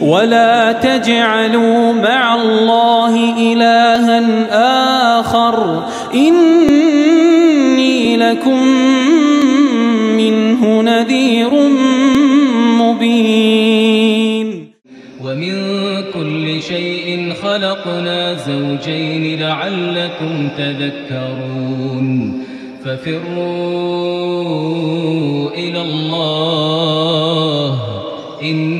ولا تجعلوا مع الله إلها آخر إني لكم منه نذير مبين ومن كل شيء خلقنا زوجين لعلكم تذكرون ففروا إلى الله إن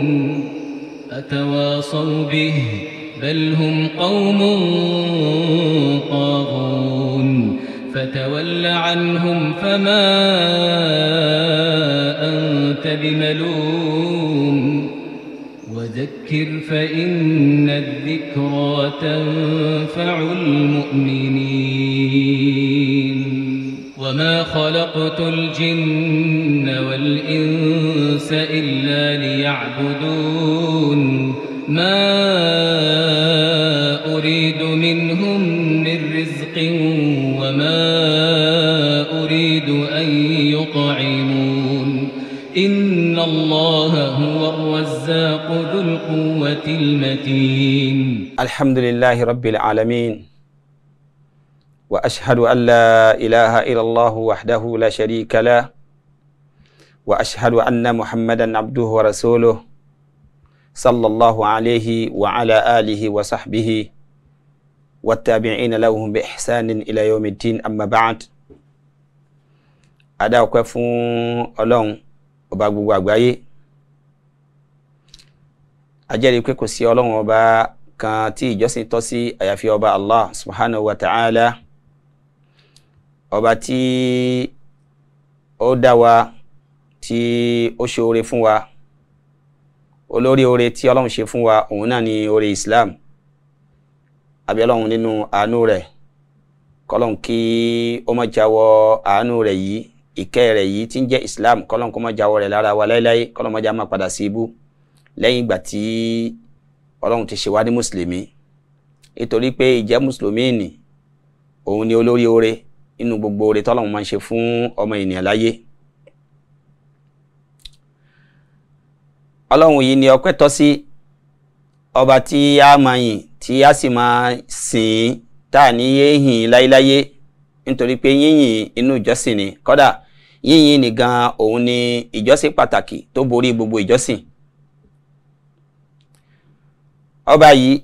تواصوا به بل هم قوم طاغون فتول عنهم فما أنت بملوم وذكر فإن الذكرى تنفع المؤمنين وما خلقت الجن والإنس إلا ليعبدون ما أريد منهم من رزق وما أريد أن يطعمون إن الله هو الرزاق ذو القوة المتين الحمد لله رب العالمين وأشهد أن لا إله إلا الله وحده لا شريك له وأشهد أن محمدا عبده ورسوله صلى الله عليه وعلى آله وصحبه والتابعين لهم بإحسان إلى يوم الدين أما بعد ada ọpẹ́ fún Ọlọ́run ọba gbogbo àgbáyé ajẹ́rìí pé kò sí Ọlọ́run ọba kan tí ìjọsìn tọ́ sí àyàfi ọba Allah subhanahu wa ta'ala ọba tí ó dá wa tí ó ṣoore fún wa olórí oore tí ọlọ́run ṣe fún wa òun náà ni oore islam àbí ọlọ́run nínú àánú rẹ̀ kọ́lọ́n kí ó má jáwọ́ àánú rẹ̀ yìí ìkẹ́ rẹ̀ yìí tí ń jẹ́ islam kọ́lọ́n kó má jáwọ́ rẹ̀ lára wa láéláé kọ́lọ́n má já má padà sí ibú lẹ́yìn ìgbà tí ọlọ́run ti ṣe wá ní mùsùlùmí nítorí pé ìjẹ́ mùsùlùmí ni òun ni olórí oore nínú gbogbo oore tọ́lọ́run máa ń ṣe fún ọmọ ènìyàn láyé ọlọ́run yìí ni ọpẹ́ tọ́ sí ọba tí a máa yìn tí a sì máa sìn tá ní yé láyéláyé nítorí pé yíyìn inú ìjọsìn ni kọ́dà yíyìn nìkan òun ni ìjọsìn pàtàkì tó borí gbogbo ìjọsìn. ọba yìí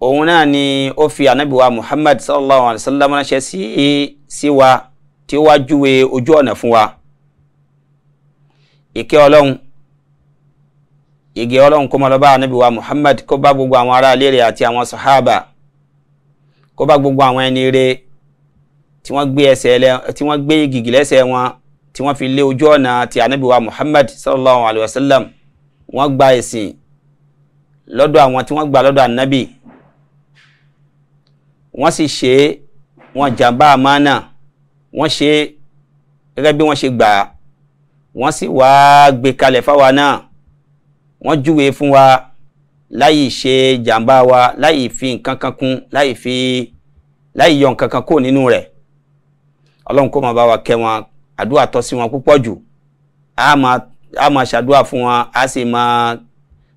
òun náà ni ó fi ànábìwá Muhammad sallallahu alayhi wa sallam ránṣẹ́ sí sí wa tí ó wá júwe ojú ọ̀nà fún wa ìkẹ́ ọlọ́run ìgẹ̀ ọlọ́run kó máa lọ bá wa muhammad kó bá gbogbo àwọn ará ilé rẹ̀ àti àwọn sàhábà kó bá gbogbo àwọn ẹni rẹ̀ tí wọ́n gbé ẹsẹ̀ lẹ tí wọ́n gbé gìgì lẹ́sẹ̀ wọn tí wọ́n fi lé ojú ọ̀nà ti ànábì wa muhammad sallallahu alayhi wa sallam wọ́n gba ẹ̀sìn lọ́dọ̀ àwọn tí wọ́n gba lọ́dọ̀ ànábì wọ́n sì ṣe wọn jàǹbá àmánà wọ́n ṣe gẹ́gẹ́ bí wọ́n ṣe gbà wọ́n sì wá gbé kalẹ̀ fáwa náà wọ́n júwe fún wa láì ṣe jàǹbá wa láì fi nǹkan kan kún láì fi láì yọ nǹkan kan kó nínú rẹ̀ ọlọ́run kó máa bá wa kẹ́ wọn àdúrà tọ́ sí wọn púpọ̀ jù á máa á máa ṣàdúrà fún wọn á sì máa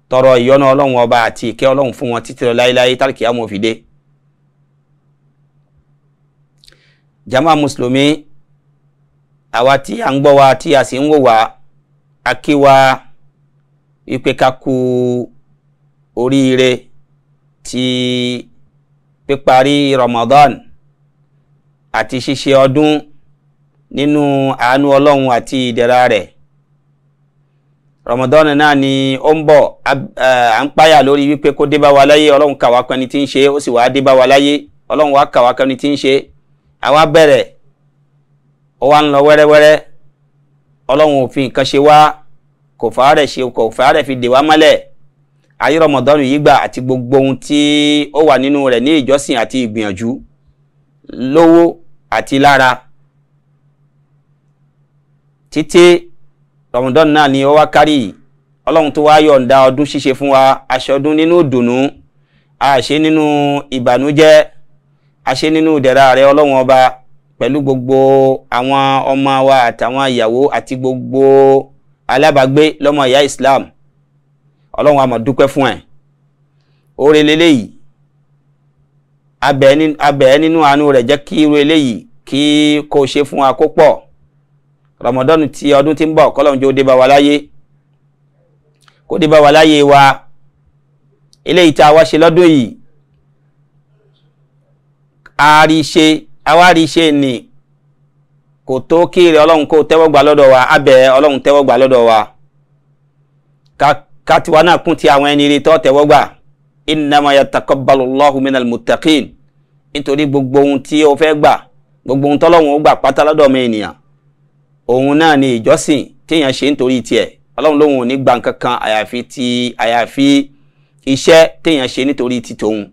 tọrọ ìyọ́nú ọlọ́run ọba àti ìkẹ́ ọlọ́run fún wọn títí lọ láéláé tálíkì àmọ́ fi mùsùlùmí àwa tí à ń gbọ́ wa tí a sì ń wò wá a kí wa wípé kaku kú ti píparí Ramadan ati ṣíṣe ọdún nínú àánú Ọlọ́run ati ìdẹ̀ra rẹ̀ Ramadan náà ni ó ń bọ̀ à ń páyà lórí wípé kó dé bá wa láyé Ọlọ́run kàwá kan ni tí ń ṣe ó sì wá dé wa láyé Ọlọ́run wá kàwá kan ni tí ń ṣe àwa bẹ̀rẹ̀ ó wá ń lọ wẹ́rẹ́wẹ́rẹ́ Ọlọ́run òfin kan ṣe wá kò fàárẹ̀ ṣe kò fàárẹ̀ fi dè wá mọ́lẹ̀ ayé rọmọdọ́nù yìí gbà àti gbogbo ohun tí ó wà nínú rẹ̀ ní ìjọsìn àti ìgbìyànjú lówó àti lára títí rọmọdọ́nù náà ni ó wá kárì ọlọ́run tó wá yọ̀ǹda ọdún ṣíṣe fún wa aṣọdún nínú ìdùnnú àṣe nínú ìbànújẹ́ àṣe nínú ìdẹ̀ra rẹ ọlọ́run ọba pẹ̀lú gbogbo àwọn ọmọ wa àtàwọn ìyàwó àti gbogbo alábàágbé lọ́mọ ìyá islam ọlọ́run àmọ̀ dúpẹ́ fún ẹ̀ oore leléyìí abẹ́ nínú àánú rẹ̀ jẹ́ kí irú eléyìí kí kò ṣe fún wa kó pọ̀ ramadan ti ọdún tí ń bọ̀ kọ́lọ́run jẹ́ dé bá wa láyé kó dé bá wa láyé wa eléyìí tá a wá ṣe lọ́dún yìí a rí ṣe a wá rí ṣe ní kò tó kí ire ọlọ́run kó tẹ́wọ́gbà lọ́dọ̀ wa abẹ́ ọlọ́run tẹ́wọ́gbà lọ́dọ̀ wa ká tiwa náà kún ti àwọn ẹni rí tọ́ tẹ́wọ́gbà innama yataqabbalu Allahu minal mutakin nítorí gbogbo ohun tí o fẹ́ gbà gbogbo ohun tọ́lọ́run ó gbà pátá lọ́dọ̀ mi ènìyàn òun náà ni ìjọsìn téèyàn ṣe nítorí tiẹ̀ ọlọ́run lóhun ò ní gba nǹkan kan àyàfi ti àyàfi iṣẹ́ téèyàn ṣe nítorí ti tòun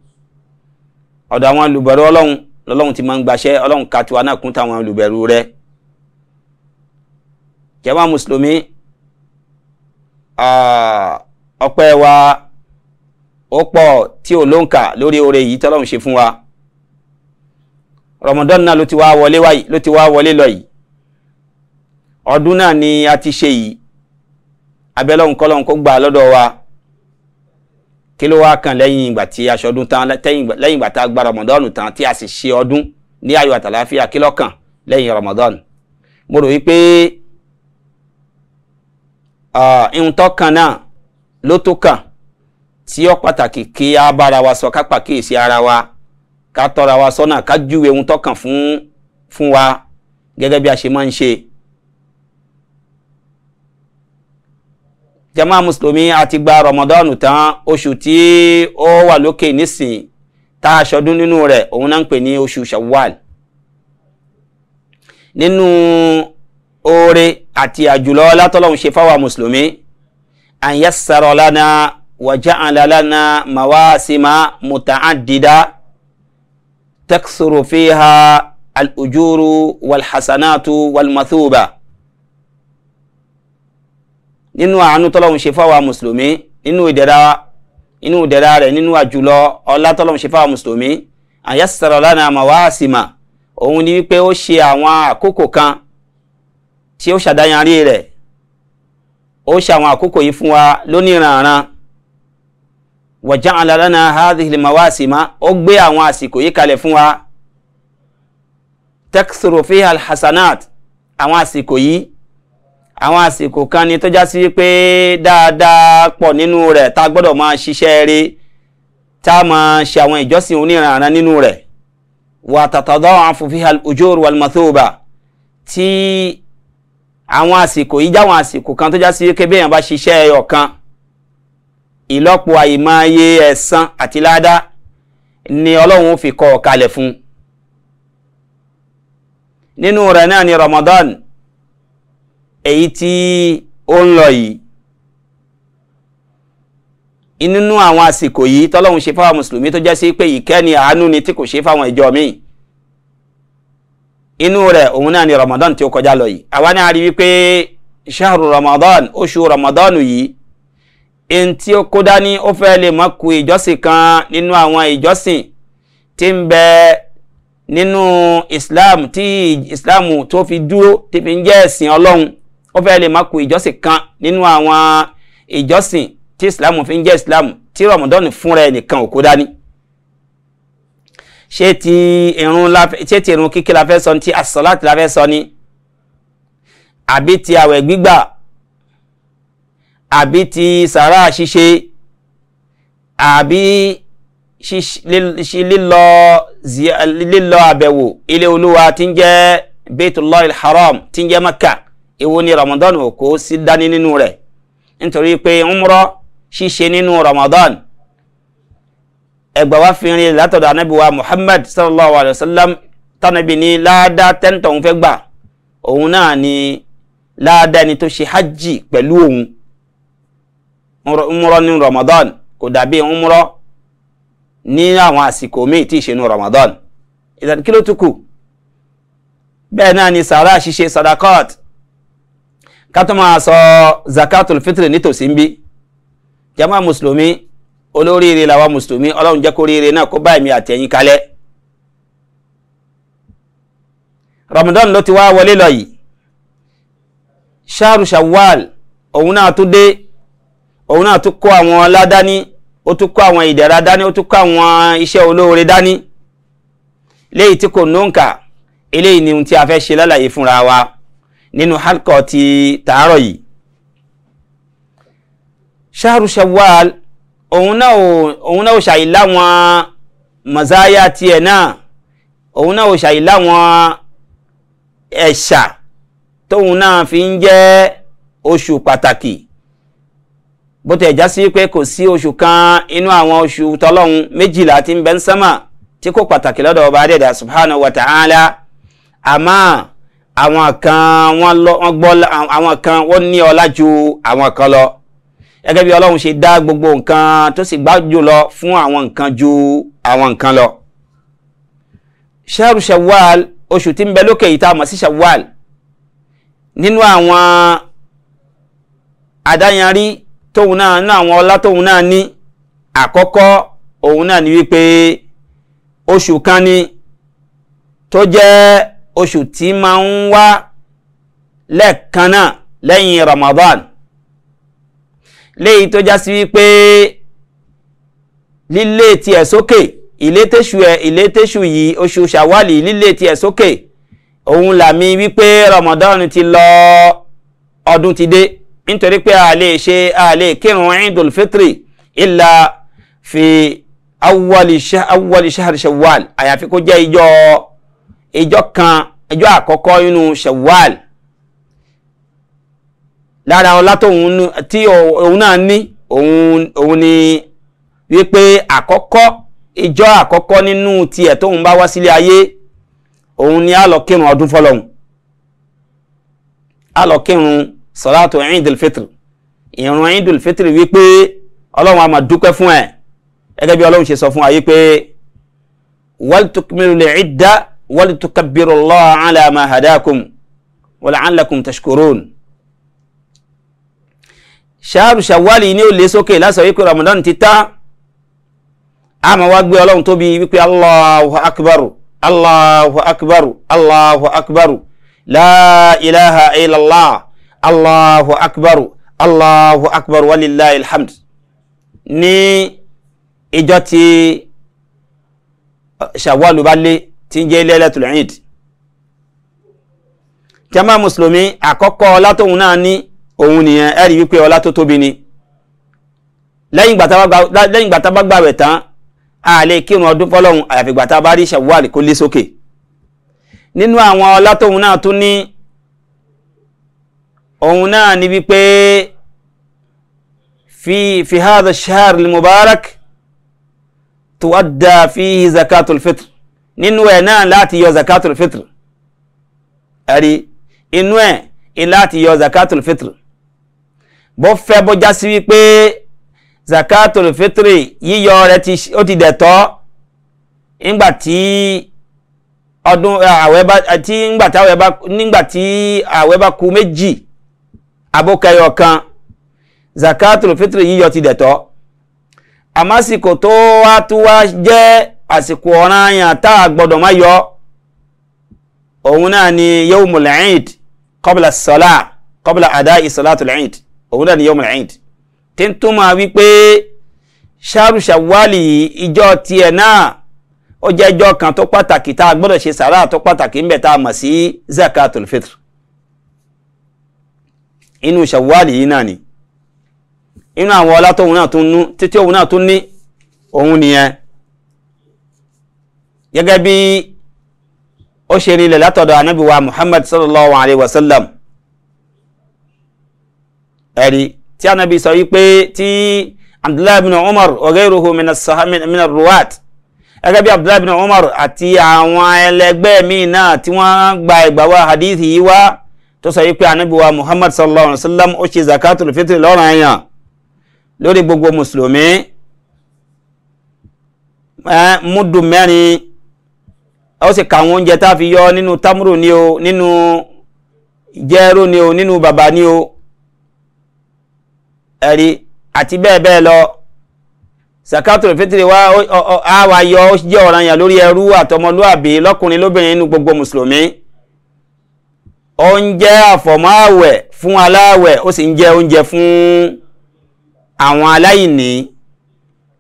ọ̀dọ̀ àwọn olùbẹ̀rù ọlọ́run lọ́lọ́run ti máa ń gbaṣẹ́ ọlọ́run ká tiwa náà kún táwọn olùbẹ̀rù rẹ̀ jàmá mùsùlùmí ah, ọpẹ́ wa ó pọ̀ tí ò ló ń kà lórí oore yìí tọ́lọ́run ṣe fún wa Ramadan náà ló ti wá wọlé wáyìí ló ti wá wọlé lọ yìí ọdún náà ni a ti ṣe yìí abẹ́lọ́hùn kọ́lọ́hùn kó gbà lọ́dọ̀ wa kí ló wá kàn lẹ́yìn ìgbà tí aṣọdún tán lẹ́yìn ìgbà tá a gba Ramadan tán tí a sì ṣe ọdún ní ayọ̀ àtàláfíà kí ló lẹ́yìn Ramadan mo rò wípé ihun tó kan náà ló tó kàn tí ó pàtàkì kí a bára wa sọ ká pàkíyèsí ara wa ká tọ́ra wa sọ́nà ká júwe ohun tó fún fún wa gẹ́gẹ́ bí a ṣe máa ń ṣe. jama mùsùlùmí a ti gba ramadan tán oṣù tí ó wà lókè nísìn tá a ṣọdún nínú rẹ̀ òun náà ń pè ní oṣù shawwal nínú oore àti àjùlọ látọ́lọ́hún ṣe fáwọn mùsùlùmí àyẹ̀ sọ̀rọ̀ lánàá wàjà àlàlánà màwáàsímà mùtàádìdá tẹ́kṣòrò fìhà alùjúrù wàlhàsánàtù wàlmàtúbà. nínú àánú tọ́lọ́hún ṣe fáwọn mùsùlùmí nínú ìdẹ̀ra nínú ìdẹ̀ra rẹ̀ nínú àjùlọ ọlá tọ́lọ́hún ṣe fáwọn mùsùlùmí àyẹ̀ sọ̀rọ̀ lánàá màwáàsímà òun ni wípé ó ṣe àwọn àkókò kan tí ó ṣàdáyanrí rẹ̀ ó ṣàwọn àkókò yìí fún wa lóníranran wa ja'ala lana hadhihi al-mawasima ó gbé àwọn àsìkò yìí kalẹ̀ fún wa takthuru fiha al-hasanat àwọn àsìkò yìí àwọn àsìkò kan ni tó já sí pé dáadáa pọ̀ nínú rẹ̀ tá a gbọ́dọ̀ máa ṣiṣẹ́ rí tá a máa ṣe àwọn ìjọsìn oníranran nínú rẹ̀ wa tatada'afu fiha al-ujur wal tí àwọn àsìkò yìí jáwọn àsìkò kan tó já sí pé béèyàn bá ṣiṣẹ́ ọ̀kan ìlọ́pọ̀ àìmọye ẹ̀san àti ládá ni ọlọ́run ó fi kọ ọ̀kalẹ̀ fún un nínú rẹ̀ náà ni Ramadan èyí tí ó ń lọ yìí nínú àwọn àsìkò yìí tọ́lọ́run ṣe fáwọn mùsùlùmí tó jẹ́ sí pé ìkẹ́ni àánú ni tí kò ṣe fáwọn ìjọ míì inú rẹ̀ òun náà ni ramadan tí ó kọjá lọ yìí àwa náà rí wípé shahru ramadan oṣù ramadan yìí in tí ó kó dání ó fẹ́ lè má ku ìjọsìn kan nínú àwọn ìjọsìn tí ń bẹ nínú islam tí islam tó fi dúró tí fi ń jẹ́ ẹ̀sìn ọlọ́run ó fẹ́ lè má ku ìjọsìn kan nínú àwọn ìjọsìn tí islam fi ń jẹ́ islam tí ramadan fúnra ẹ̀ nìkan ò kó dání ṣé ti irun la ṣé ti irun kíkí la fẹ́ sọ ni ti asọ́láàtì la fẹ́ sọ ni àbí ti àwẹ̀ gbígbà àbí ti sàrà ṣíṣe àbí lílọ àbẹ̀wò ilé olúwa tí ń jẹ́ Baytullahil Haram tí ń jẹ́ Mẹ́kà èwo ni Ramadan ò kó sí dání nínú rẹ̀ nítorí pé umrah ṣíṣe nínú Ramadan ẹgbà wá fi rin látọ̀dọ̀ anábìwá muhammad sallallahu alayhi wa sallam tánàbì ní láàdá tẹ́ńtọ̀ òun fẹ́ gbà òun náà ni láàdá ẹni tó ṣe hajj pẹ̀lú òun umrọ ní ramadan kò dàbí umrọ ní àwọn àsìkò míì tí ì ṣe ní ramadan ìdàn kí ló tún kù bẹ́ẹ̀ náà ni sàrà ṣíṣe sadakot ká tó máa sọ zakatul fitri nítòsí ń bí jama mùsùlùmí olóríire làwa mùsùlùmí ọlọ́run jẹ́ kó ríire náà kó bá èmi àtẹ̀yìn kalẹ̀ Ramadan ló ti wá wọlé lọ yìí ṣáàrù Shawwal òun náà tún dé òun náà tún kó àwọn ọlá dání ó tún kó àwọn ìdẹ̀ra dání ó tún kó àwọn iṣẹ́ olóore dání léyìí tí kò nóǹkà eléyìí ni ohun tí a fẹ́ ṣe lálàyé fúnra wa nínú halkọ ti tàárọ̀ yìí ṣáàrù Shawwal òun náà ò òun náà ò ṣàyí láwọn mọ̀záyà tiẹ̀ náà òun náà ò ṣàyí láwọn ẹ̀ṣà tóun náà fi ń jẹ́ oṣù pàtàkì bó ti ẹ̀já sí pé kò sí oṣù kan inú àwọn oṣù tọlọ́hun méjìlá tí ń bẹ ń sánmà tí kò pàtàkì lọ́dọ̀ ọba adẹ́dà subhanahu wa ta'ala àmọ́ àwọn kan wọ́n ní ọlá ju àwọn kan lọ gẹ́gẹ́ bí ọlọ́run ṣe dá gbogbo nǹkan tó sì gbájú lọ fún àwọn nǹkan ju àwọn nǹkan lọ. ṣẹ́rù ṣẹ̀wáàl oṣù tí ń bẹ lókè yìí tá a mọ̀ sí ṣẹ̀wáàl nínú àwọn àdáyanrí tóun náà nínú àwọn ọlá tóun náà ní àkọ́kọ́ òun náà ni wípé oṣù kan ni tó jẹ́ oṣù tí máa ń wá lẹ́ẹ̀kan náà lẹ́yìn Ramadan léyìí tó já sí wípé lílé tiẹ̀ sókè ìlétésù ẹ̀ ìlétésù yìí oṣù ṣàwálì lílé tiẹ̀ sókè òun làmì wípé Ramadan ti lọ ọdún ti dé nítorí pé a lè ṣe a lè kírun Eidul Fitri illa fi awwali awwali shahri Shawwal àyàfi kó jẹ́ ìjọ ìjọ kan ìjọ àkọ́kọ́ nínú Shawwal lára ọlá tóun tí òun náà ní òun ni wípé àkọ́kọ́ ìjọ àkọ́kọ́ nínú tiẹ̀ tóun bá wá sílé ayé òun ni a lọ kírun ọdún fọlọ́hún a lọ kírun salatu Eidul Fitr ìrun Eidul Fitr wípé ọlọ́run a máa dúpẹ́ fún ẹ̀ gẹ́gẹ́ bí ọlọ́run ṣe sọ fún ayé pé walitukmilu l-idda walitukabbiru Allaha ala ma hadakum ṣáàrù ṣàwálì ní ó lé sókè lásán wípé ramadan ti tá a máa wá gbé ọlọ́run tóbi wípé allahu akbaru allahu akbaru allahu akbaru la ilaha illallah allahu akbaru allahu akbaru walillahi alhamd ní ìjọ tí ṣàwálù bá lé tí ń jẹ́ lailatul eid jama mùsùlùmí àkọ́kọ́ látòun náà ní òun nìyẹn ẹ̀rí wípé ọlá tó tóbi ni lẹ́yìn ìgbà tá bá gbàwẹ̀ tán a lè kírun ọdún fọlọ́run àyàfi ìgbà tá bá rí ṣàwárì kó lé sókè nínú àwọn ọlá tóun náà tún ní òun náà ni wípé fi fi hadha ash-shahr al-mubarak tuwadda fihi zakatul fitr nínú ẹ̀ náà láti yọ zakatul fitr ẹ̀rí inú ẹ̀ láti yọ zakatul fitr bó fẹ́ bó sí wípé zakatul fitri yíyọ rẹ̀ ó ti dẹ̀tọ́ nígbà tí ọdún àwẹ̀ bá tí nígbà àwẹ̀ bá nígbà àwẹ̀ bá ku méjì abókẹyọ kan zakatul fitri yíyọ ti dẹ̀tọ́ àmásìkò tó wá tó wá jẹ́ àsìkò ọ̀ranyàn tá a gbọ́dọ̀ má yọ òun náà ni yawmul eid qabla as-salah qabla ada is-salatul òun náà ni yọmọ ẹ̀yìn tí ń túmọ̀ wípé ṣáàrù ṣàwálì ìjọ tiẹ̀ náà ó jẹ́ ìjọ kan tó pàtàkì tá a gbọ́dọ̀ ṣe sàrà tó pàtàkì ń bẹ̀ tá a mọ̀ sí zakatul fitr inú ṣàwálì yìí náà ni inú àwọn ọlá tóun náà tún nú títí òun náà tún ní òun nìyẹn gẹ́gẹ́ bí ó ṣe rinlẹ̀ látọ̀dọ̀ anábìwá Muhammad sallallahu alayhi wa sallam ẹ̀rí tí anabi sọ wípé tí abdullahi bin umar ọ̀gẹ́rùhù mina ruwat gẹ́gẹ́ bí abdullahi bin umar àti àwọn ẹlẹgbẹ́ míì náà tí wọ́n gba ìgbàwá hadithi yìí wá tó sọ wípé anabi wa muhammad sallallahu alayhi wa sallam ó ṣe zakatul fitri lọ́rùn àyàn lórí gbogbo mùsùlùmí múdù mẹ́rin ó sì kà àwọn oúnjẹ tá a fi yọ nínú tamuru ni o nínú jẹ́rú ni o nínú bàbá ni o ẹ̀rí àti bẹ́ẹ̀ bẹ́ẹ̀ lọ zakatul fitri wa a wa yọ ó jẹ́ ọ̀ranyàn lórí ẹrú àtọmọlúàbí lọ́kùnrin lóbìnrin nínú gbogbo mùsùlùmí ó ń jẹ́ àfọ̀mọ́ àwẹ̀ fún aláwẹ̀ ó sì ń jẹ́ oúnjẹ fún àwọn aláìní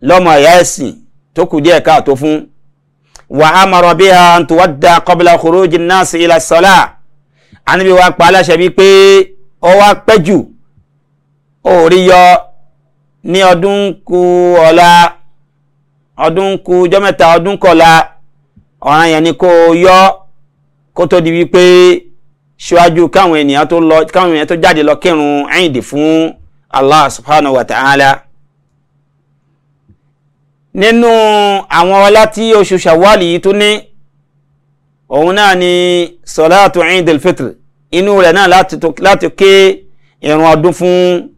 lọ́mọ ìyá ẹ̀sìn tó kù díẹ̀ káàtó fún wa amara biha an tuwadda qabla khuruji an-nas ila as-salah àníbi wa pa aláṣẹ bíi pé ó wá òòrí yọ ní ọdún ku ọ̀la ọdún ku ọjọ́ mẹ́ta ọdún kọ̀la ọ̀ràn yẹn ni kó o yọ kó tó di wípé ṣíwájú káwọn ènìyàn tó lọ káwọn ènìyàn tó jáde lọ kírun ẹ̀yìndì fún Allah subhanahu wa ta'ala nínú àwọn ọlá tí oṣù ṣàwálì yìí tó ní òun náà ni sọláàtù ẹ̀yìndì fitr inú rẹ̀ náà láti ké ìrun ọdún fún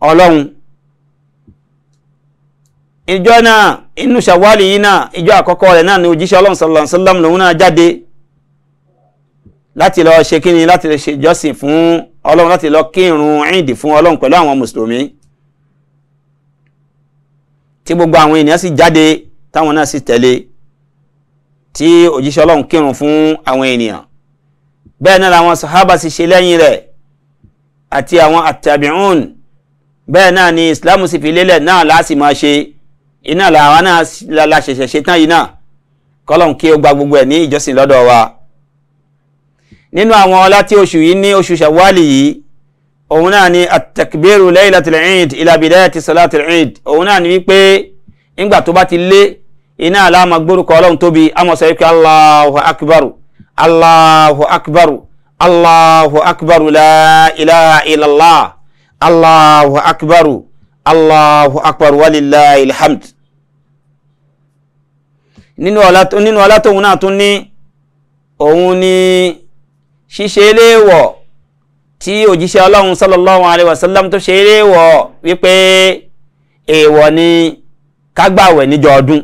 ọlọ́run ìjọ náà inú ṣàwálì yìí náà ìjọ àkọ́kọ́ rẹ̀ náà ni òjíṣẹ́ ọlọ́run sallallahu alaihi wasallam lòun náà jáde láti lọ ṣe kíni láti lọ ṣe ìjọsìn fún ọlọ́run láti lọ kírun ìdì fún ọlọ́run pẹ̀lú àwọn mùsùlùmí tí gbogbo àwọn ènìyàn sì jáde táwọn náà sì tẹ̀lé tí òjíṣẹ́ ọlọ́run kírun fún àwọn ènìyàn bẹ́ẹ̀ náà làwọn sàhábà sì ṣe lẹ́yìn rẹ̀ àti àwọn àtàbíùn bẹ́ẹ̀ náà ni islam sì fi lélẹ̀ náà láti máa ṣe iná làwa náà la ṣẹ̀ṣẹ̀ ṣe tán yìí náà kọ́lọ̀n kí ó gba gbogbo ẹ̀ ní ìjọsìn lọ́dọ̀ wa nínú àwọn ọlá tí oṣù yìí ní oṣù ṣàwálì yìí òun náà ni at-takbiru laylatul eid ila bidayati salatul eid òun náà ni wípé ńgbà tó bá ti lé iná àlámà gbórúkọ ọlọ́run tóbi àmọ́ sọ wípé allahu akbaru allahu akbaru allahu akbaru la ilaha Allahu akbaru Allahu akbar walillahi alhamd nínú ọlá tóun náà tún ní òun ni ṣíṣe léèwọ̀ tí òjíṣẹ́ ọlọ́run sallallahu alaihi wasallam tó ṣe léèwọ̀ wípé èèwọ̀ ni kágbàwẹ̀ níjọ́ ọdún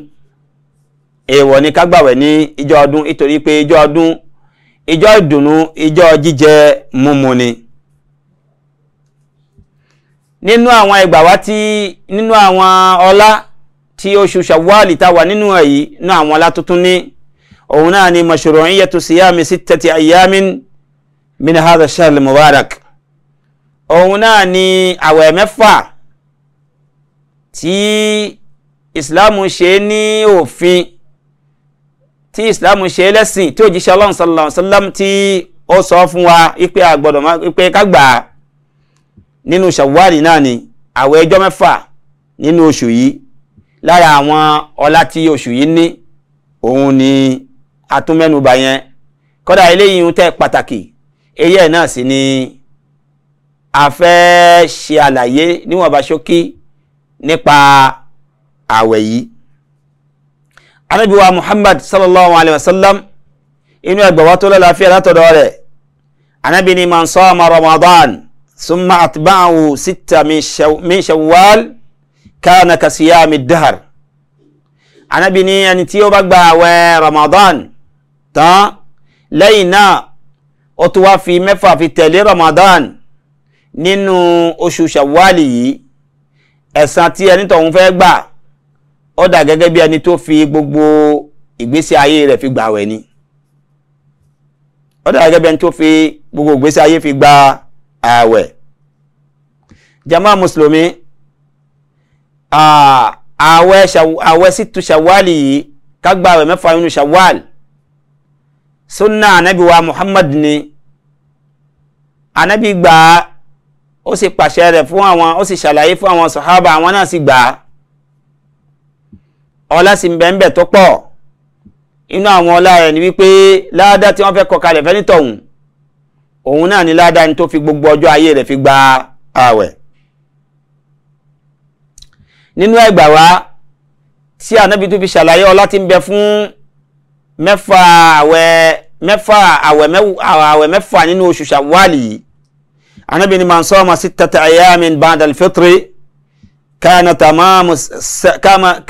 èèwọ̀ ni kágbàwẹ̀ ní ìjọ́ ọdún nítorí pé ìjọ́ ọdún ìjọ́ ìdùnnú ìjọ́ jíjẹ múmu ni nínú àwọn ìgbà wá tí nínú àwọn ọlá tí oṣù ṣàwálì tá wà nínú èyí nínú àwọn ọlá tuntun ní òun náà ni mashru'iyyatu siyami sittati ayyamin min hadha shahr mubarak òun náà ni àwẹ̀ mẹ́fà tí ìsìláàmù ṣe ní òfin tí ìsìláàmù ṣe lẹ́sìn tí òjíṣẹ́ ọlọ́run sallallahu alaihi tí ó sọ fún wa ipe àgbọ̀dọ̀ ipe ká nínú ṣàwárì náà ni àwẹ̀ ẹjọ́ mẹ́fà nínú oṣù yìí lára àwọn ọlá tí oṣù yìí ní òun ni atúmẹ́nubà yẹn kódà eléyìí ń tẹ́ pàtàkì eyé ẹ̀ náà sì ni a fẹ́ ṣe àlàyé níwọ̀nba ṣókí nípa àwẹ̀ yìí anábíwá muhammad sallallahu alayhi wa sallam inú ẹgbẹ̀wá tó lọ́la fi látọ̀dọ̀ rẹ̀ anábí ni man ramadan ثم أتبعه ستة من, شو من شوال كان كصيام الدهر أنا بني أن تيو بقبع رمضان تا لينا أتوا في مفا في تالي رمضان nínú oṣù ṣàwálì yìí ẹ̀san tí ẹni tọ̀hún fẹ́ gbà ó dà gẹ́gẹ́ bí ẹni tó fi gbogbo ìgbésí ayé rẹ̀ fi gbàwẹ̀ ni ó dà gẹ́gẹ́ bí ẹni tó fi gbogbo ìgbésí ayé fi gba ààwẹ̀ jama mùsùlùmí ààwẹ̀ ààwẹ̀ sítú ṣàwálì yìí kágbà ààwẹ̀ mẹ́fà nínú ṣàwálì sunna anabi wa muhammad ni anabi gbà á ó sì pàṣẹ rẹ̀ fún àwọn ó sì ṣàlàyé fún àwọn sàhábà àwọn náà sì gbà á ọlá sì ń bẹ́ẹ̀ ń tó pọ̀ inú àwọn ọlá rẹ̀ ni wípé ládàá tí wọ́n fẹ́ kọ kalẹ̀ fẹ́ nítọ̀hún òun náà ni ládàá ni tó fi gbogbo ọjọ́ ayé rẹ̀ fi gba ààwẹ̀ nínú ẹgbà wa tí ànábi tó fi ṣàlàyé ọlá tí ń bẹ fún mẹ́fà àwẹ̀ mẹ́fà àwẹ̀ mẹ́fà nínú oṣù ṣàwálì yìí ànábi ni man sama sittata ayamin ba'da al-fitri kana tamamu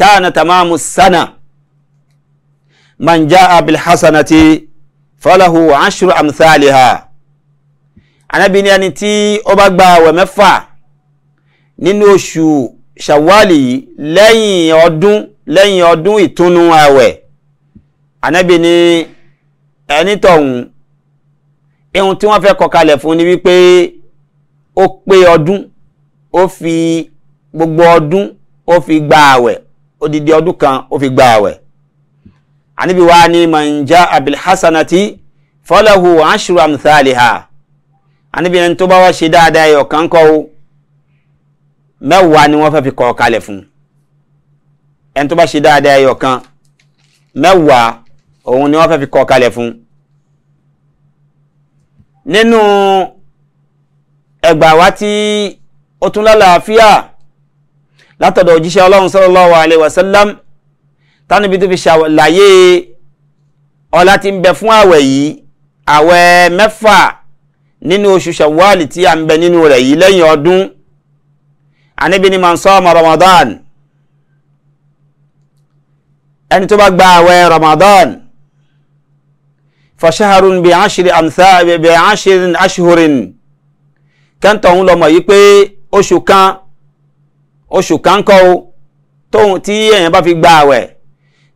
kana tamamu sana man jaa bil hasanati falahu ashru amthaliha anábì ní ẹni tí ó bá gba àwẹ̀ mẹ́fà nínú oṣù ṣàwálì yìí lẹ́yìn ọdún lẹ́yìn ọdún ìtúnú àwẹ̀ anábì ní ẹni tọ̀hún ihun tí wọ́n fẹ́ kọ kalẹ̀ fún ni wípé ó pé ọdún ó fi gbogbo ọdún ó fi gba àwẹ̀ odidi ọdún kan ó fi gba àwẹ̀ anábì wa ni manja abilhassanati falahu ashru amthaliha anibìnrin tó bá wá ṣe dáadáa ẹyọ kan kọ́ o mẹ́wàá ni wọ́n fẹ́ fi kọ́ kalẹ̀ fún ẹni tó bá ṣe dáadáa ẹyọ kan mẹ́wàá òun ni wọ́n fẹ́ fi kọ́ kalẹ̀ fún nínú ẹgbà wá tí ó tún lálàáfíà látọ̀dọ̀ òjíṣẹ́ ọlọ́run sallallahu alaihi wasallam tánibí tó fi ṣàlàyé ọlá tí ń bẹ fún àwẹ̀ yìí àwẹ̀ mẹ́fà nínú oṣù ṣàwálì tí a ń bẹ nínú rẹ̀ yìí lẹ́yìn ọdún àníbi ni man sama Ramadan ẹni tó bá gba àwẹ̀ Ramadan fashaharun bi ashiri amsa bi ashiri ashurin kẹ́ńtọ̀ ń lọ́mọ yìí pé oṣù kan oṣù kan kọ́ o tóun tí èèyàn bá fi gba àwẹ̀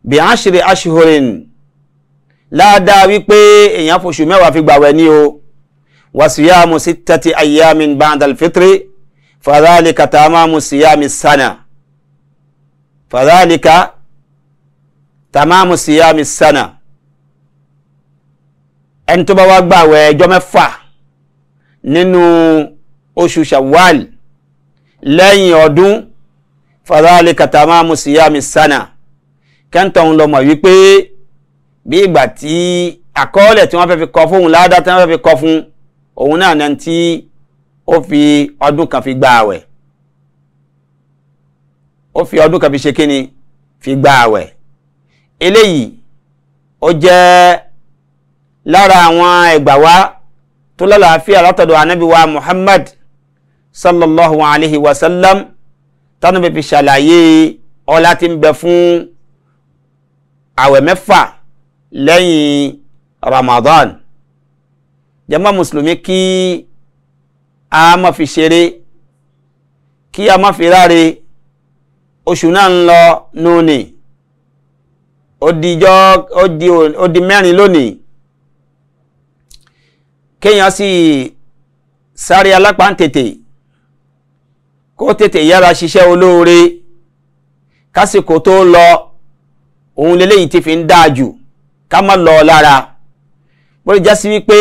bi ashiri ashurin ládàá wípé èèyàn foṣù mẹ́wàá fi gbàwẹ̀ ní o. وصيام ستة أيام بعد الفطر فذلك تمام صيام السنة فذلك tamamu siyami sana ẹni tó bá wá gbà wẹ̀ ọjọ́ mẹ́fà nínú oṣù shawwal lẹ́yìn ọdún fadhalika tamamu siyami sana kẹ́ńtọ̀hún lọ mọ̀ wípé bí ìgbà tí àkọọ́lẹ̀ tí wọ́n fẹ́ fi kọ fóun ládàá tí wọ́n fẹ́ fi kọ fún un òun náà náà tí ó fi ọdún kan fi gba àwẹ̀ ó fi ọdún kan fi ṣe kíni fi gba àwẹ̀ eléyìí ó jẹ́ lára àwọn ẹgbà wa tó lálàáfíà látọ̀dọ̀ anábì wa Muhammad sallallahu alayhi wa sallam tánàbí fi ṣàlàyé ọlá tí ń bẹ fún àwẹ̀ mẹ́fà lẹ́yìn Ramadan jama mùsùlùmí kí a má fi ṣeré kí a má fi ráre oṣù náà ń lọ nóòní ó di mẹ́rin lónìí kéèyàn sì sáré alápá ń tètè kó tètè yára ṣiṣẹ́ olóore kásìkò tó lọ òun leléyìí ti fi ń dáa jù ká má lọ lára bó lè já sí wípé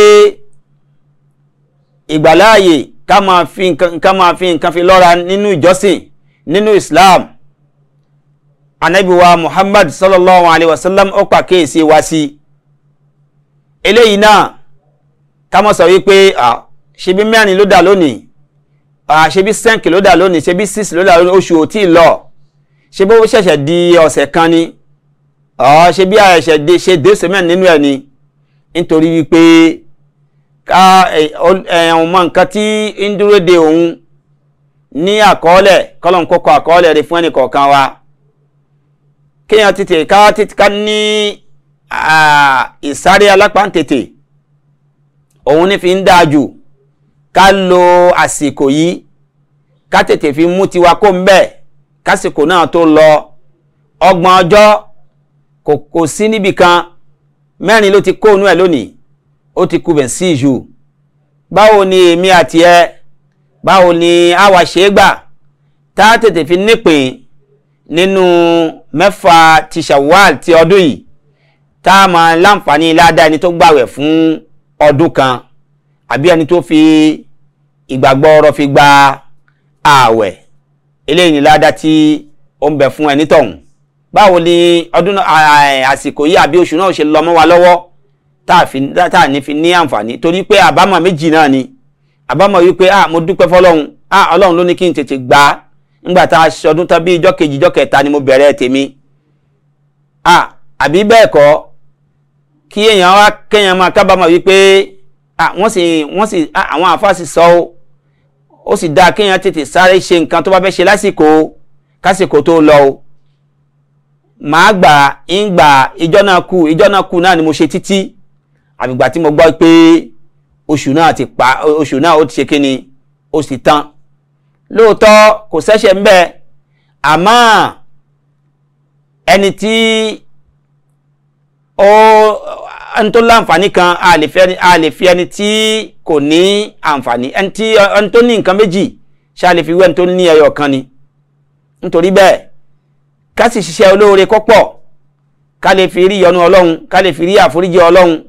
ìgbàláàyè ká máa fi nǹkan fi lọ́ra nínú ìjọsìn nínú Islam anabiwa Muhammad sallallahu alaihi wa sallam ó pàkíyèsí wa sí eléyìí náà ká mọ̀ sọ wípé ṣebí mẹ́rin ló dà lónìí ṣebí sẹ́ǹkì ló dà lónìí ṣebí sísì ló dà lónìí oṣù ò tí lọ ṣebí ó ṣẹ̀ṣẹ̀ di ọ̀sẹ̀ kan ni ṣebí àṣẹ̀ ṣe dé sẹ́mẹ̀ nínú ẹ̀ ni nítorí wípé ká ẹ̀hún mọ nǹkan tí ń dúró de òun ní àkọọ́lẹ̀ kọ́lọ̀ ń kókó àkọọ́lẹ̀ rẹ̀ fún ẹnìkọ̀ọ̀kan wa kéèyàn tètè ká tètè ká ní ìsáré alápáǹtètè òun ní fi ń dáa jù ká lo àsìkò yìí ká tètè fi mú tiwa kó ń bẹ̀ kásìkò náà tó lọ ọgbọ̀n ọjọ́ kò kò sí níbì mẹ́rin ló ti kóònú ẹ̀ lónìí ó ti kú bẹ̀ sí ìṣù báwo ni èmi àti ẹ báwo ni àwa ṣe é gbà tá a tètè fi nípìn nínú mẹ́fà ti Shawwal ti ọdún yìí tá a máa láǹfààní ládàá ẹni tó gbàwẹ̀ fún ọdún kan àbí ẹni tó fi ìgbàgbọ́ ọ̀rọ̀ fi gba ààwẹ̀ eléyìí ni ládàá tí ó ń bẹ fún ẹni tọ̀hún báwo ni ọdún àsìkò yìí àbí oṣù náà ṣe lọ mọ́ wa lọ́wọ́ tá à ní fi ní àǹfààní torí pé àbámọ̀ méjì náà ni àbámọ̀ wípé ah mo dúpẹ́ fọlọ́run ah ọlọ́run ló ni kí n gba gbà á nígbà tá a ṣọdún tán bí ijọ́ ni mo bere tèmi ah àbí bẹ́ẹ̀ kọ́ kí èèyàn wá kéèyàn máa kábàámọ̀ wípé ah wọ́n sì wọ́n sì ah àwọn àfa sì sọ ó ó sì dáa kéèyàn tètè sáré ṣe to tó bá fẹ́ ṣe lásìkò kásìkò tó lọ o màá gbà ń gbà ijọ́ náà kù ijọ́ náà kù náà ni mo ṣe títí àbígbà tí mo gbọ́ pé oṣù náà ti pa oṣù náà ó ti ṣe kíni ó sì tán lóòótọ́ kò sẹ́ṣẹ̀ ń bẹ̀ àmọ́ ẹni tí ó ẹni tó láǹfààní kan a lè fi ẹni tí kò ní àǹfààní ẹni tó ní nǹkan méjì ṣá lè fi wé ẹni tó ní ẹyọ kan ni nítorí bẹ́ẹ̀ ká sì ṣiṣẹ́ olóore kọ́pọ̀ ká lè fi rí ìyọ́nú ọlọ́run ká lè fi rí àforíjì ọlọ́run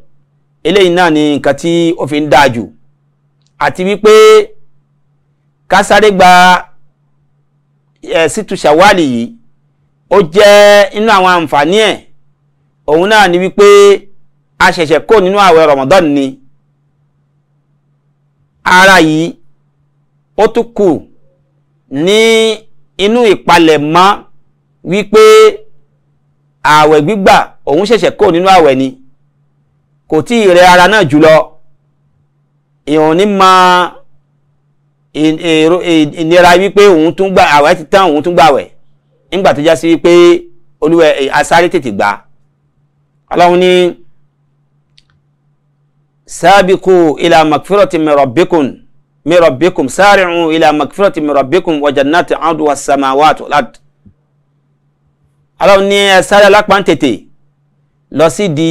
eléyìí náà ni nǹkan tí ó fi ń dáa jù àti wípé ká sáré gba ẹ̀ sítú ṣàwálì yìí ó jẹ́ inú àwọn àǹfààní ẹ̀ òun náà ni wípé a ṣẹ̀ṣẹ̀ kó nínú àwẹ̀ Ramadan ni ara yìí ó tún kù ní inú ìpalẹ̀mọ́ wípé àwẹ̀ gbígbà òun ṣẹ̀ṣẹ̀ kó nínú àwẹ̀ ni kò tí ì rẹ ara náà jùlọ èèyàn ní ma ìnira wípé òun tún gbà àwẹ̀ ti tán òun tún gbàwẹ̀ nígbà tó já sí wípé olúwẹ asáré tètè gbà ọlọ́run ní sábìkù ilà makfirati mẹrọbíkùn mẹrọbíkùn sáàrìhùn ilà makfirati mẹrọbíkùn wàjànàtì àdùwà sàmáwàtò láti ọlọ́run ní ẹ sáré alápá ń tètè lọ sí di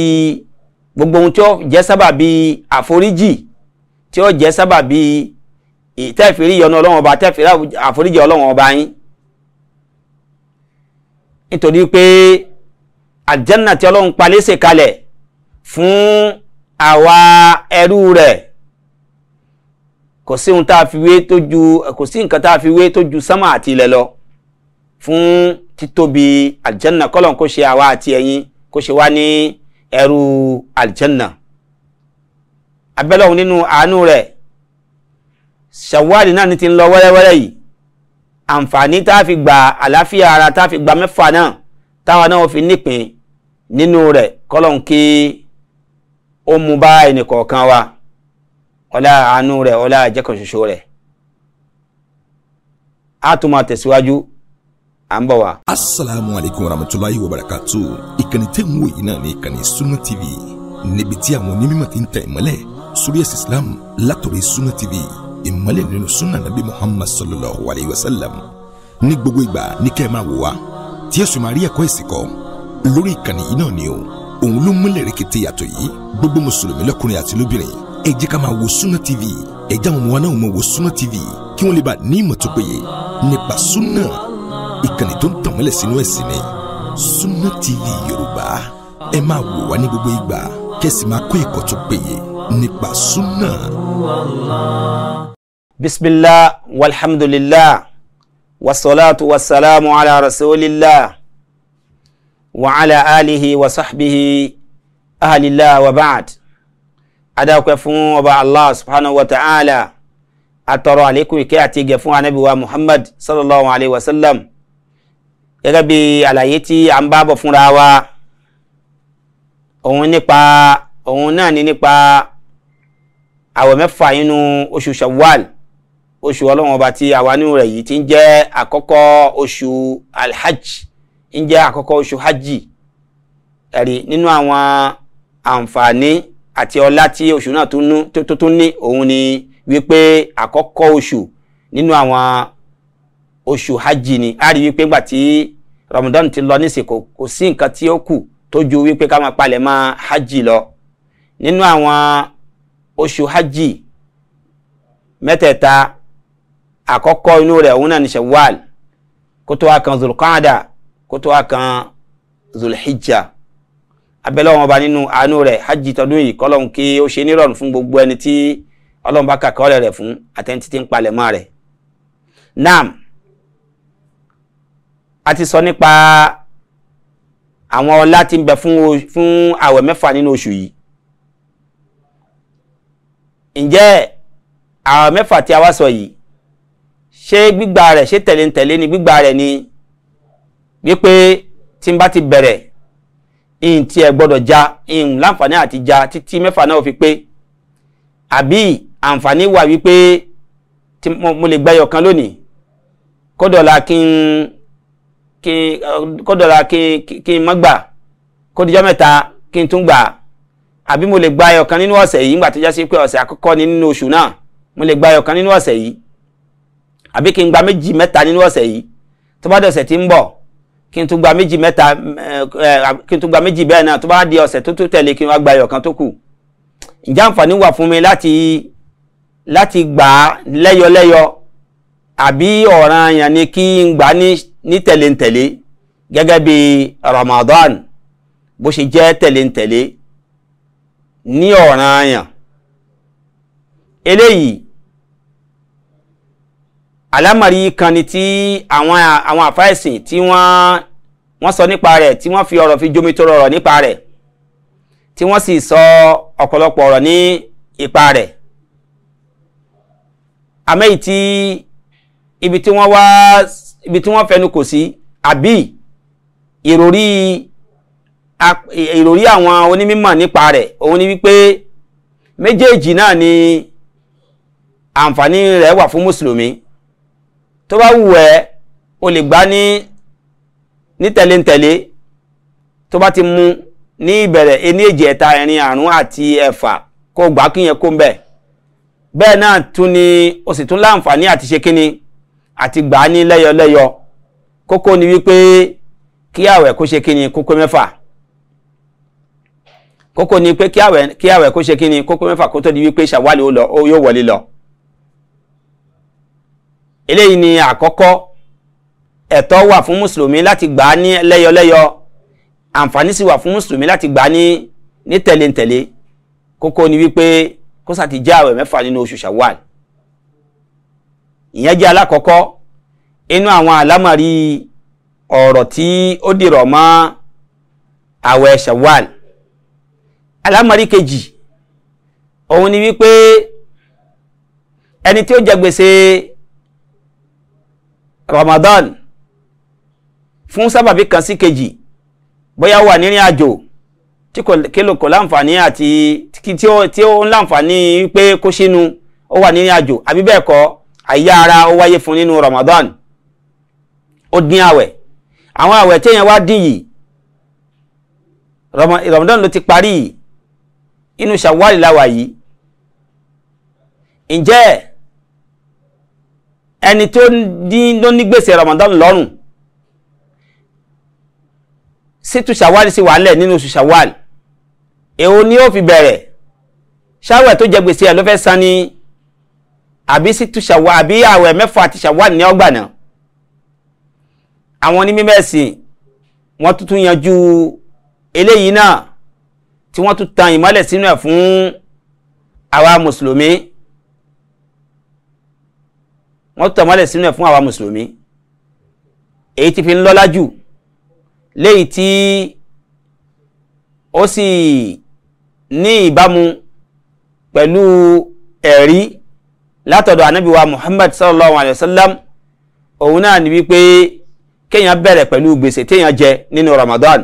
gbogbo ohun tí ó jẹ́ sábàbí àforíjì tí ó jẹ́ sábàbí ìtẹ́fìrí ìyọnu ọlọ́run ọba tẹ́fìrí àforíjì ọlọ́run ọba yín nítorí pé àjẹ́nà tí ọlọ́run palẹ́sẹ̀ kalẹ̀ fún àwa ẹrú rẹ̀ kò sí ohun tá a fi wé tó nǹkan tá a fi wé tó ju sánmà àti ilẹ̀ lọ fún títóbi àjẹ́nà kọ́lọ̀ kó ṣe àwa àti ẹ̀yin kó ṣe wá ní ẹrú aljanna abẹ́lọ́hun nínú àánú rẹ̀ ṣàwádìí náà ní ti ń lọ wẹ́rẹ́wẹ́rẹ́ yìí àǹfààní tá a fi gba àlàáfíà ara tá a fi gba mẹ́fà náà táwa náà fi nípìn nínú rẹ̀ kọ́lọ́n kí ó mú bá ẹnì wa ọlá àánú rẹ̀ ọlá ìjẹ́kàn ṣoṣo rẹ̀ a tún máa tẹ̀síwájú à ń bọ̀ wá. asalaamualeykum warahmatulahi wabarakatu ìkànnì tẹ́ ń wò yìí náà ní ìkànnì Sunna TV níbi tí àwọn onímọ̀ ti ń tẹ̀ ìmọ́lẹ̀ sórí Islam látọ̀rẹ́ suna TV ìmọ́lẹ̀ nínú suna nabi Muhammad sallallahu alayhi wa sallam ní gbogbo ìgbà ní kẹ́ ẹ máa wò wá tí ẹ sì máa rí ẹ̀kọ́ ẹ̀sìn kọ́ lórí ìkànnì yìí náà ni o òun ló múlẹ̀ rẹ̀kẹ̀tẹ̀ yàtọ̀ yìí gbogbo mùsùlùmí lọ́kùnrin àti lóbìnrin ẹ jẹ́ ká máa wo Sunna TV ẹ já wọn wọn náà wọn wo TV kí wọ́n lè bá ní ìmọ̀ tó péye nípa sunna ìkànnì tó ń tàn mọ́lẹ̀ sínú ẹ̀sìn ni Sunna TV Yorùbá ẹ máa wò wá ní gbogbo ìgbà kẹ́sì máa kó ẹ̀kọ́ tó péye nípa Sunna. bisimilah walhamdulilah wasalaatu wasalaamu ala rasulillah wa ala alihi wa sahbihi ahalillah wa baad adáwọ̀kẹ́ fún ọba allah subhanahu wa ta'ala atọrọ àlékún ìkẹ́ àti ìgẹ̀ fún muhammad sallallahu alayhi wa sallam gẹ́gẹ́ bí àlàyé tí a ń bábọ̀ fúnra wa òun nípa òun náà ní nípa àwẹ̀ mẹ́fà nínú oṣù Shawwal oṣù ọlọ́run ọba tí àwa nínú rẹ̀ yìí ti ń jẹ́ àkọ́kọ́ oṣù alhajj ń jẹ́ àkọ́kọ́ oṣù hajj ẹ̀rí nínú àwọn àǹfààní àti ọlá tí oṣù náà tó tún ní òun ni wípé àkọ́kọ́ oṣù nínú àwọn oṣù hajj ni a rí wípé gbà Ramadan ti lọ nísìkò kò sí nǹkan tí ó kù tó ju wípé ká máa palẹ̀ mọ́ hajj lọ nínú àwọn oṣù hajj mẹ́tẹ̀ẹ̀ta àkọ́kọ́ inú rẹ̀ òun náà ní Shawwal kó tó wá kan zulqaada kó tó wá kan zulhijja abẹ́lẹ́ wọn ba nínú àánú rẹ̀ hajj tọdún yìí kọ́lọ́hún kí ó ṣe nírọ̀rùn fún gbogbo ẹni tí ọlọ́run bá kàkọ́ rẹ̀ fún àtẹ̀ntì tí ń palẹ̀ mọ́ rẹ̀ naam a ti sọ nípa àwọn ọlá tí ń bẹ fún fún àwẹ̀ mẹ́fà nínú oṣù yìí ǹjẹ́ àwẹ̀ mẹ́fà tí a wá sọ yìí ṣé gbígbà rẹ̀ ṣé tẹ̀léǹtẹ̀lé ni gbígbà rẹ̀ ni wípé tí n bá ti bẹ̀rẹ̀ ìhìn tí ẹ gbọ́dọ̀ ja ìhìn láǹfààní àti ja títí mẹ́fà náà fi pé àbí àǹfààní wà wípé mo lè gbẹyọ̀ kan lónìí kódọ̀la kí n kí kó dọ̀la kí n má gbà kó dijọ́ mẹ́ta kí n tún gbà àbí mo lè gba ẹyọkan nínú ọ̀sẹ̀ yìí ńgbà tó jásí pé ọ̀sẹ̀ àkọ́kọ́ ni nínú oṣù náà mo lè gba ẹyọkan nínú ọ̀sẹ̀ yìí àbí kí n gba méjì mẹ́ta nínú ọ̀sẹ̀ yìí tó bá di ọ̀sẹ̀ tí ń bọ̀ kí n tún gba méjì mẹ́ta kí n tún gba méjì bẹ́ẹ̀ náà tó bá di ọ̀sẹ̀ tó tó tẹ̀lé kí n wá gba ẹyọkan tó kù ǹjẹ́ àǹfààní wà fún mi láti láti gbà á lẹ́yọlẹ́yọ àbí ọ̀ranyàn ni kí n gbà á ní ní tẹ̀léǹtẹ̀lé gẹ́gẹ́ bí Ramadan bó ṣe jẹ́ tẹ̀léǹtẹ̀lé ní ọ̀ranyàn eléyìí alámọ̀rí kan ni tí àwọn àwọn àfáìsìn tí wọ́n wọ́n sọ nípa rẹ̀ tí wọ́n fi ọ̀rọ̀ fi jomitoro ọ̀rọ̀ nípa rẹ̀ tí wọ́n sì sọ ọ̀pọ̀lọpọ̀ ọ̀rọ̀ ní ipa rẹ̀ àmẹ́yìí tí ibi tí wọ́n wá ibi tí wọ́n fẹnu kò sí àbí ìròrí ìròrí àwọn onímọ̀ nípa rẹ̀ òun ni wípé méjèèjì náà ni àǹfààní rẹ̀ wà fún mùsùlùmí tó bá wù ẹ́ o lè gbá ní ní tẹ̀léǹtẹ̀lé tó bá ti mu ní ìbẹ̀rẹ̀ ení èjì ẹ̀ta ẹ̀rin àrún àti ẹ̀fà kó gbà kíyẹn kó ń bẹ̀ bẹ́ẹ̀ náà tún ni o sì tún láǹfààní àti ṣe kínni àti gbà á ní lẹ́yọlẹ́yọ kókó ni wípé kí àwẹ̀ kó ṣe kíni kókó mẹ́fà kókó ni pé kí àwẹ̀ kí àwẹ̀ kó ṣe kíni kókó mẹ́fà kó tó di wípé ṣàwálì ó lọ ó yóò wọlé lọ eléyìí ni àkọ́kọ́ ẹ̀tọ́ wà fún mùsùlùmí láti gbà á ní lẹ́yọlẹ́yọ àǹfààní sì wà fún mùsùlùmí láti gbà á ní ní tẹ̀léǹtẹ̀lé kókó ni wípé kó sàtìjẹ́ àwẹ̀ mẹ́fà nínú oṣù ṣàwálì ìyẹn jẹ́ alákọ̀ọ́kọ́ inú àwọn àlámọ̀rí ọ̀rọ̀ tí ó dìrọ̀ mọ́ àwẹ̀ Ṣawwal àlámọ̀rí kejì òun ni wípé ẹni tí ó jẹ gbèsè Ramadan fún sábàbí kan sí kejì bóyá wà nírìn àjò tí kò kò láǹfààní àti tí ó ń láǹfààní wípé kó sínú ó wà nírìn àjò àbí bẹ́ẹ̀ kọ́ àyà ara ó wáyé fún nínú Ramadan ó dín àwẹ̀ àwọn àwẹ̀ téèyàn wá dín yìí Ramadan ló ti parí yìí inú Ṣawwal la wà yìí ǹjẹ́ ẹni tó dín ní gbèsè Ramadan lọ́rùn sítú Ṣawwal sì wà nínú oṣù Ṣawwal èwo ni ó fi bẹ̀rẹ̀ ṣáwẹ̀ tó jẹ gbèsè ẹ̀ ló fẹ́ san àbí sítú ṣàwá àbí àwẹ̀ mẹ́fà àti ṣàwá ní ọgbà náà àwọn onímẹ̀sìn wọ́n tuntun yanjú eléyìí náà tí wọ́n tún tan ìmọ́lẹ̀ sínú ẹ̀ fún àwa mùsùlùmí wọ́n tàn mọ́lẹ̀ sínú ẹ̀ fún àwa mùsùlùmí èyí tí fi ń lọ́lá jù léyìí tí ó sì ní ìbámu pẹ̀lú ẹ̀rí. E látọ̀dọ̀ ànábì wa muhammad sallallahu alayhi wa sallam òun náà ni wípé kéèyàn bẹ̀rẹ̀ pẹ̀lú gbèsè téèyàn jẹ nínú ramadan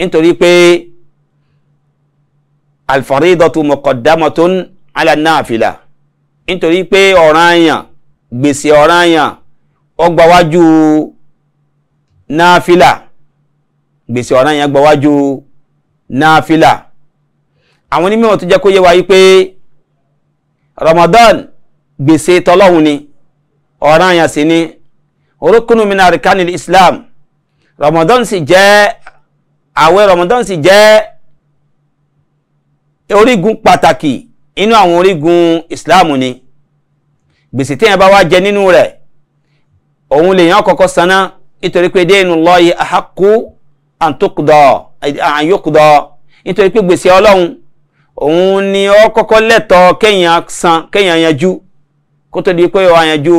nítorí pé alfaridatu muqaddamatun ala nafila nítorí pé ọ̀ranyàn gbèsè ọ̀ranyàn ó gbawájú nafila gbèsè ọ̀ranyàn gbawájú nafila àwọn onímọ̀ tó jẹ́ kó yé wa pé. Ramadan gbèsè tọlọ́hun ni ọ̀ràn yẹn sì ni orúkúnú min arkanil Islam Ramadan sì jẹ́ àwẹ̀ Ramadan sì jẹ́ orígun pàtàkì inú àwọn orígun Islam ni gbèsè tí yẹn bá wá jẹ nínú rẹ̀ òun lèèyàn kọ́kọ́ sanná nítorí pé dainullahi ahaqqu an tuqda nítorí pé gbèsè ọlọ́run òun ni ó kọ́kọ́ lẹ́tọ̀ọ́ kéèyàn san kéèyàn yanjú kó tó di pé ó yanjú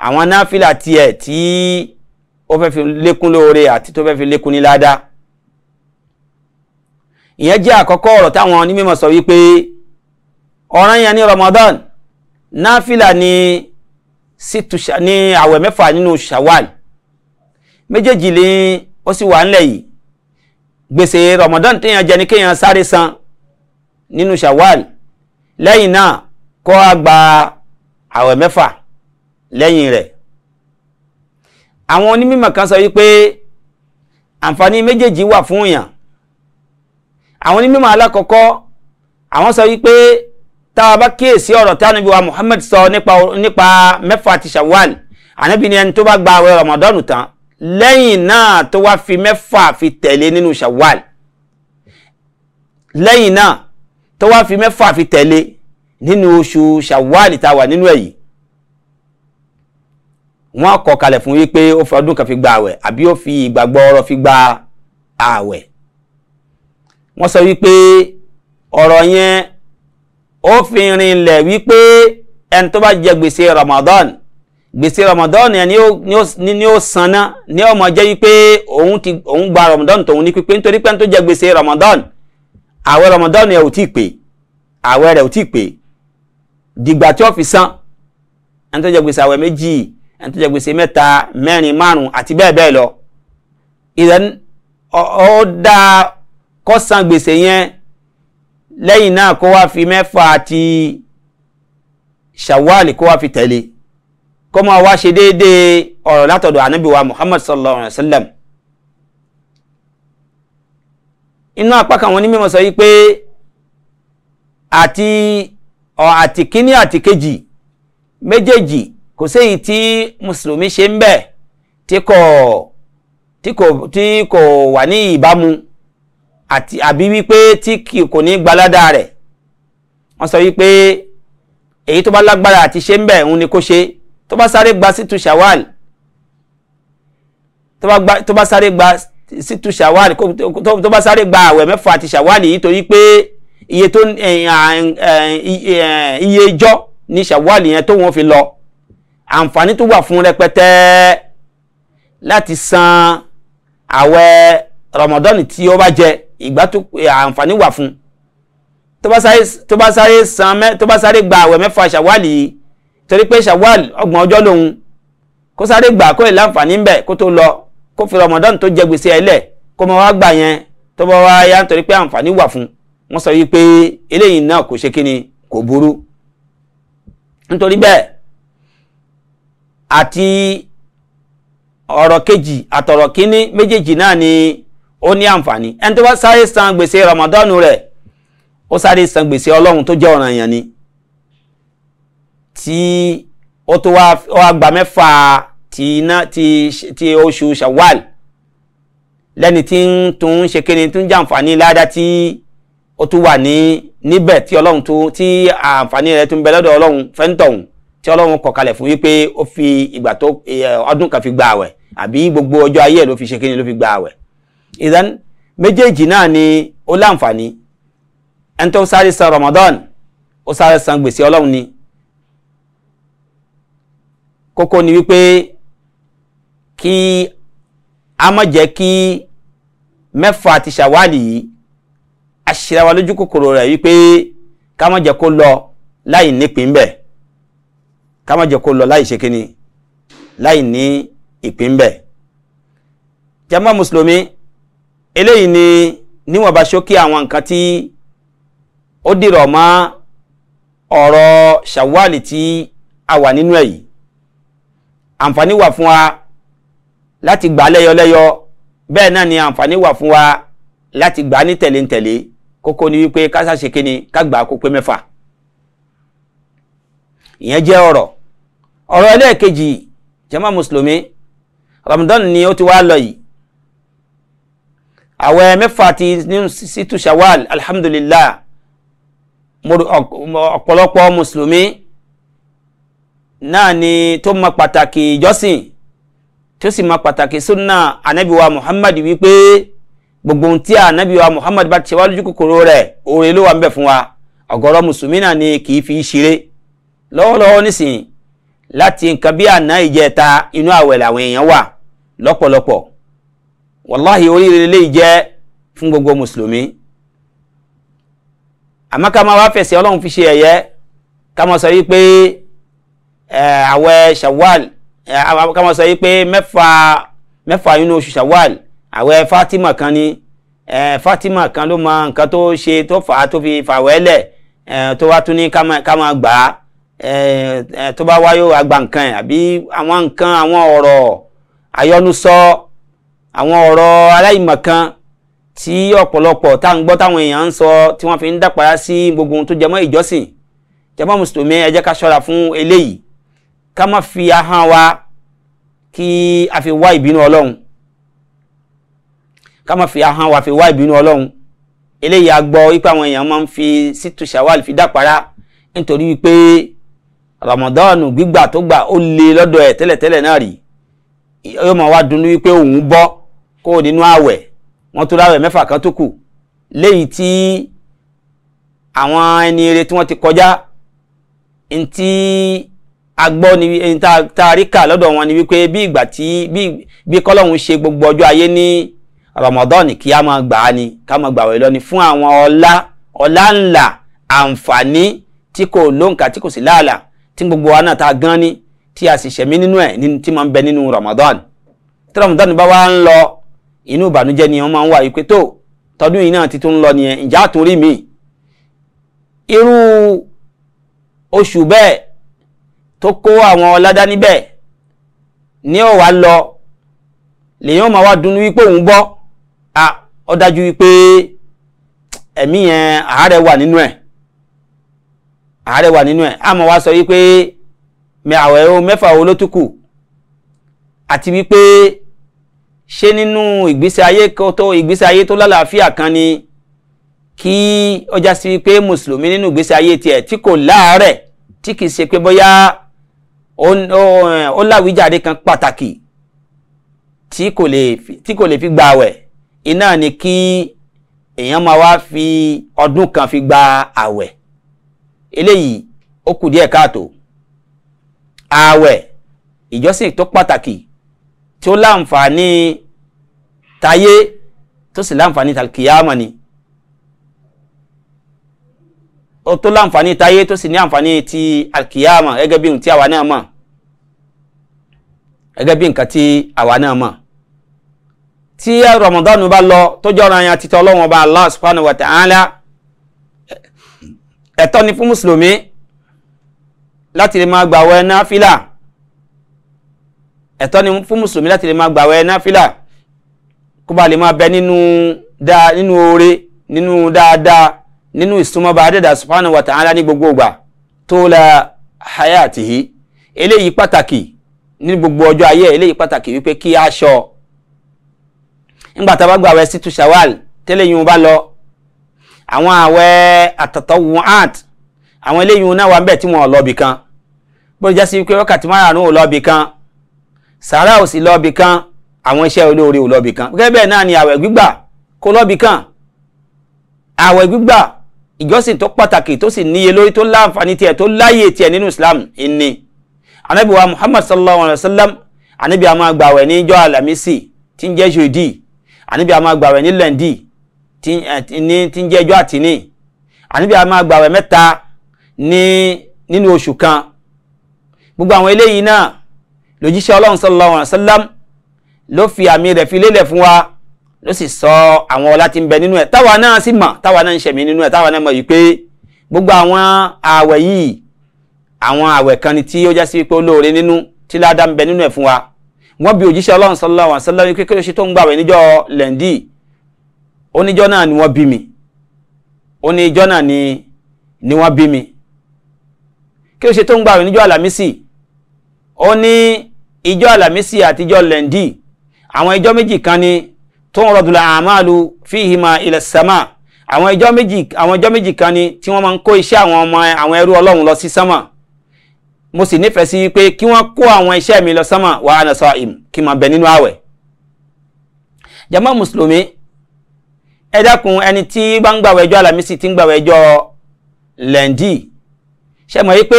àwọn náfìlà tiẹ̀ tí ó fẹ́ fi lékún lóore àti tó fẹ́ fi lékún ní ládàá ìyẹn jẹ́ àkọ́kọ́ ọ̀rọ̀ táwọn onímọ̀ sọ wípé ọ̀ràn yẹn ní Ramadan náfìlà ní situsha ní àwẹ̀ mẹ́fà nínú Shawwal méjèèjì ni ó sì wà ńlẹ̀ yìí gbèsè Ramadan téèyàn jẹ ní kéèyàn sáré san nínú shawwal lẹ́yìn náà kó a gba àwẹ̀ mẹ́fà lẹ́yìn rẹ̀ àwọn onímọ̀ kan sọ wípé àǹfààní méjèèjì wà fún èèyàn àwọn onímọ̀ alákọ̀ọ́kọ́ àwọn sọ wípé tá a bá kíyèsí ọ̀rọ̀ tí ànábì wa Muhammad sọ nípa nípa mẹ́fà ti shawwal ànábì ni ẹni tó bá gba àwẹ̀ Ramadan tán lẹ́yìn náà tó wá fi mẹ́fà fi tẹ̀lé nínú shawwal lẹ́yìn náà tó wá fi mẹ́fà fi tẹ̀lé nínú oṣù ṣàwálì tá a wà nínú ẹ̀ yìí wọ́n kọ kalẹ̀ fún wípé ó fi ọdún kan fi gba àwẹ̀ àbí ó fi ìgbàgbọ́ ọ̀rọ̀ fi gba àwẹ̀ wọ́n sọ wípé ọ̀rọ̀ yẹn ó fi rinlẹ̀ wípé ẹni tó bá jẹ gbèsè Ramadan gbèsè Ramadan yẹn ni ó sanná ni ó mọ̀ jẹ́ wípé òun gba Ramadan tòun ní pípé nítorí pé ẹni tó jẹ gbèsè Ramadan àwẹ̀ ramadan yẹn ò tí ì pé àwẹ̀ rẹ̀ ò tí ì pé dìgbà tí ó fi san ẹni tó jẹ gbèsè àwẹ̀ méjì ẹni tó jẹ gbèsè mẹ́ta mẹ́rin márùn àti bẹ́ẹ̀ bẹ́ẹ̀ lọ ìdẹ́n ó dáa kó san gbèsè yẹn lẹ́yìn náà kó wá fi mẹ́fà àti ṣàwálì kó wá fi tẹ̀lé kó máa wá ṣe déédéé ọ̀rọ̀ látọ̀dọ̀ ànábì muhammad sallallahu alayhi wa sallam inú apá kan àwọn onímọ̀ sọ yí pé àti ọ̀ àti kíní àti kejì méjèèjì kò séyìí tí mùsùlùmí ṣe ń bẹ̀ tí kò tí kò tí kò wà ní ìbámu àti àbí wípé tí kò ní gbalada rẹ̀ wọ́n sọ wípé èyí tó bá lágbára àti ṣe ń bẹ̀ òun ni kó ṣe tó bá sáré gba sí tu shawal tó bá sáré gba sítú ṣàwálì tó bá sáré gba àwẹ̀ mẹ́fà àti ṣàwálì yìí torí pé iye tó iye ijọ́ ní ṣàwálì yẹn tó wọ́n fi lọ àǹfààní tó wà fún rẹpẹtẹ láti san àwẹ̀ rọmọdọ́nì tí ó bá jẹ ìgbà tó àǹfààní wà fún tó bá sáré tó bá sáré san mẹ tó bá sáré gba àwẹ̀ mẹ́fà ṣàwálì yìí torí pé ṣàwálì ọgbọ̀n ọjọ́ lòun kó sáré gbà kó ẹ̀ láǹfààní ń bẹ̀ kó tó lọ kó fi Ramadan tó jẹ gbèsè ẹ lẹ̀ kó máa wá gbà yẹn tó bá wá yá nítorí pé àǹfààní wà fún wọn sọ wípé eléyìí náà kò ṣe kíni kò burú nítorí bẹ́ẹ̀ àti ọ̀rọ̀ kejì àtọ̀rọ̀ kíní méjèèjì náà ni ó ní àǹfààní ẹni tó bá sáré san gbèsè Ramadan rẹ̀ ó sáré san gbèsè Ọlọ́run tó jẹ́ ọ̀ranyàn ni tí ó tó wá gba mẹ́fà ti iná ti ti oṣù shawal lẹ́ni tí ń tún ṣe kíni tún jẹ́ àǹfààní ládá tí ó tún wà ní níbẹ̀ tí ọlọ́run tún tí àǹfààní rẹ̀ tún bẹ lọ́dọ̀ ọlọ́run fẹ́ntọ̀hún tí ọlọ́run kọ kalẹ̀ fún wípé ó fi ìgbà tó ọdún kan fi gba àwẹ̀ àbí gbogbo ọjọ́ ayé ẹ̀ ló fi ṣe kíni ló fi gba àwẹ̀ ìdán méjèèjì náà ni ó láǹfààní ẹni tó sáré san Ramadan ó sáré san gbèsè ọlọ́run ni kókó ni wípé kí a má jẹ́ kí mẹ́fà àti ṣàwálì yìí a ṣera wa lójú kòkòrò rẹ̀ wípé ká má jẹ́ kó lọ láì nípìn bẹ̀ ká má jẹ́ kó lọ láì ṣe kíni láì ní ìpín bẹ̀ jama mùsùlùmí eléyìí ni níwọ̀nba ṣókí àwọn nǹkan tí ó dìrọ̀ mọ́ ọ̀rọ̀ ṣàwálì tí a wà nínú ẹ̀ yìí àǹfààní wà fún wa láti gbà lẹ́yọlẹ́yọ bẹ́ẹ̀ náà ni àǹfààní wà fún wa láti gbà ní tẹ̀léǹtẹ̀lé kókó ni wípé kásá ṣe kíni ká gbà kó pé mẹ́fà ìyẹn jẹ́ ọ̀rọ̀ ọ̀rọ̀ ẹlẹ́ẹ̀kejì jàmá mùsùlùmí Ramadan ni ó ti wá lọ yìí àwẹ̀ mẹ́fà ti ní situ shawal alhamdulillah ọ̀pọ̀lọpọ̀ mùsùlùmí náà ni tó mọ pàtàkì ìjọsìn tí ma sì máa pàtàkì sunna anabi wa muhammad wípé gbogbo ohun tí anabi wa muhammad bá ti ṣe wá lójú kòkòrò rẹ̀ mbe ló wà ń bẹ fún wa mùsùlùmí náà ni kì í fi ṣeré lọ́wọ́lọ́wọ́ nísìnyí láti nǹkan bí àná ìjẹta inú àwẹ̀ làwọn èèyàn wà wàláhì oríire lè fún gbogbo mùsùlùmí máa wá fi ṣe ká máa sọ ká máa sọ yìí pé mẹ́fà mẹ́fà nínú oṣù Ṣawwal àwẹ̀ Fatima kan ni Fatima kan ló mọ nǹkan tó ṣe tó fà á tó fi fàwẹ́lẹ̀ tó wá tún ní ká máa gbà á tó bá wáyé àgbà nǹkan ẹ̀ àbí àwọn nǹkan àwọn ọ̀rọ̀ àyọnusọ àwọn ọ̀rọ̀ aláìmọ̀kan tí ọ̀pọ̀lọpọ̀ tá ń gbọ́ táwọn èèyàn ń sọ tí wọ́n fi ń dàpàrà sí gbogbo ohun tó jẹmọ́ ìjọsìn jẹmọ́ mùsùlùmí ẹ jẹ́ ká ṣọ́ra fún eléyìí ká má fi ahọ́n wa kí a fi wá ìbínú ọlọ́run ká má fi ahọ́n wa fi wá ìbínú ọlọ́run eléyìí a wípé àwọn èèyàn máa ń fi sítú shawal fi dápara nítorí wípé ramadan gbígbà tó gbà ó le lọ́dọ̀ ẹ̀ tẹ́lẹ̀tẹ́lẹ̀ náà rí yóò máa wá dùnnú wípé òun bọ́ kó o nínú ààwẹ̀ wọ́n tó láwẹ̀ mẹ́fà kan tó kù léyìí tí àwọn ẹni eré tí wọ́n ti kọjá ntí agbọ́ ni taríkà lọ́dọ̀ wọn ni wípé bí ìgbà tí bí kọ́lọ́hún ṣe gbogbo ọjọ́ ayé ní Ramadan kí a máa gbà á ni ká máa gbà wẹ̀ lọ ni fún àwọn ọlá ọlá ńlá àǹfààní tí kò lóǹkà tí kò sí láàlà tí gbogbo wa náà ta gan ni tí a sì ṣẹ̀mí nínú ẹ̀ tí máa ń bẹ nínú Ramadan tí Ramadan bá wá ń lọ inú ìbànújẹ́ ni wọ́n máa ń wà wípé tó tọdún yìí náà ti tún lọ nìyẹn ìjà àtúrí mi irú oṣù bẹ́ẹ̀ tó kó àwọn ọládá níbẹ̀ ní ọ̀wá lọ lèyìn ó máa wá dùnnú wípé òun bọ́ a ó dájú wípé ẹ̀mí yẹn àárẹ̀ wà nínú ẹ̀ àárẹ̀ wà nínú ẹ̀ a máa wá sọ wípé àwẹ̀ o mẹ́fà o ló tún kù àti wípé ṣé nínú ìgbésí ayé tó ìgbésí ayé tó lálàáfíà kan ni kí ọjà sí wípé mùsùlùmí nínú ìgbésí ayé tiẹ̀ tí kò láàárẹ̀ tí kì í ṣe pé bóyá ó láwíjàre kan pàtàkì tí kò lè tí kò lè fi gba àwẹ̀ iná ni kí èèyàn máa wá fi ọdún kan fi gba àwẹ̀ eléyìí ó kù díẹ̀ káàtó àwẹ̀ ìjọsìn tó pàtàkì tí ó láǹfààní tayé tó sì láǹfààní tàlkìyàmọ̀ ni ó tó láǹfààní táyé tó sì ní àǹfààní ti alkiyama gẹ́gẹ́ bí nǹkan tí àwa náà mọ̀ gẹ́gẹ́ bí nǹkan tí àwa náà mọ̀ tí Ramadan bá lọ tó jẹ́ ọ̀ranyàn àti tọ́lọ́wọ́n ọba Allah subhanahu wa ta'ala ẹ̀tọ́ ni fún mùsùlùmí láti lè máa gbààwẹ̀ náfìlà ẹ̀tọ́ ni fún mùsùlùmí láti lè máa gbààwẹ̀ náfìlà kó ba lè máa bẹ nínú dáa nínú oore nínú dáadáa nínú ìsúnmọ́ba adẹ́dà subhanahu wa ta'ala ní gbogbo ìgbà tó la hayatihi eléyìí pàtàkì ní gbogbo ọjọ́ ayé eléyìí pàtàkì wípé kí a ṣọ́ bá gba àwẹ̀ situ shawal tẹ́lẹ̀ yìí wọn bá lọ àwọn àwẹ̀ at-tatawwu'at àwọn eléyìí náà wà ń bẹ̀ tí wọn ò lọ bì kan bó jẹ́ sí wípé wákàtí márùn-ún ò lọ bì kan ò sì lọ bì àwọn iṣẹ́ olóore ò lọ bì gẹ́gẹ́ bẹ́ẹ̀ náà ni àwẹ̀ gbígbà kò lọ bì àwẹ̀ gbígbà ìjọsìn tó pàtàkì tó sì níye lórí tó láǹfààní tiẹ̀ tó láyè tiẹ̀ nínú islam ìní anabi wa muhammad sallallahu alayhi wa sallam anabi a máa gbàwẹ̀ ní ijọ́ alamisi tí ń jẹ́ jòdì anabi a máa gbàwẹ̀ ní lẹ́ndì eh, tí ń jẹ́ ijọ́ àtìní anabi a máa gbàwẹ̀ mẹ́ta ní nínú oṣù kan gbogbo àwọn eléyìí náà lójíṣẹ́ ọlọ́run sallallahu alayhi wa sallam ló fi àmì rẹ̀ fi lélẹ̀ fún wa ló sì sọ àwọn ọlá tí ń bẹ nínú ẹ̀ táwa náà sì mọ̀ táwa náà ń ṣẹ̀mí nínú ẹ̀ táwa náà mọ̀ yìí pé gbogbo àwọn ààwẹ̀ yìí àwọn ààwẹ̀ kan ni tí ó já sí pé ó lóore nínú tí ládàá ń bẹ nínú ẹ̀ fún wa wọ́n bi òjíṣẹ́ ọlọ́run sallallahu alaihi wasallam pé kí ṣe tó ń gbàwẹ̀ níjọ́ lẹ́ndì oníjọ́ náà ni wọ́n bí mi oníjọ́ náà ni ni wọ́n bí mi kí ló ṣe tó ń gbàwẹ̀ níjọ́ àlàmísì ó ní ìjọ́ àlàmísì àtijọ́ lẹ́ndì àwọn ìjọ́ méjì kan ni tu'radu al-a'malu fihima ila as-sama àwọn ìjọ méjì àwọn ìjọ méjì kan ni tí wọ́n máa ń kó iṣẹ́ àwọn ọmọ àwọn ẹrú Ọlọ́run lọ sí sámà mo sì nífẹ̀ẹ́ sí pé kí wọ́n kó àwọn iṣẹ́ mi lọ sámà wa ana sa'im kí n máa bẹ nínú ààwẹ̀. jama mùsùlùmí ẹ dákun ẹni tí bá ń gbàwẹ̀ ọjọ́ Àlàmísì tí ń gbàwẹ̀ ọjọ́ lẹ́ndì ṣe mọ̀ yí pé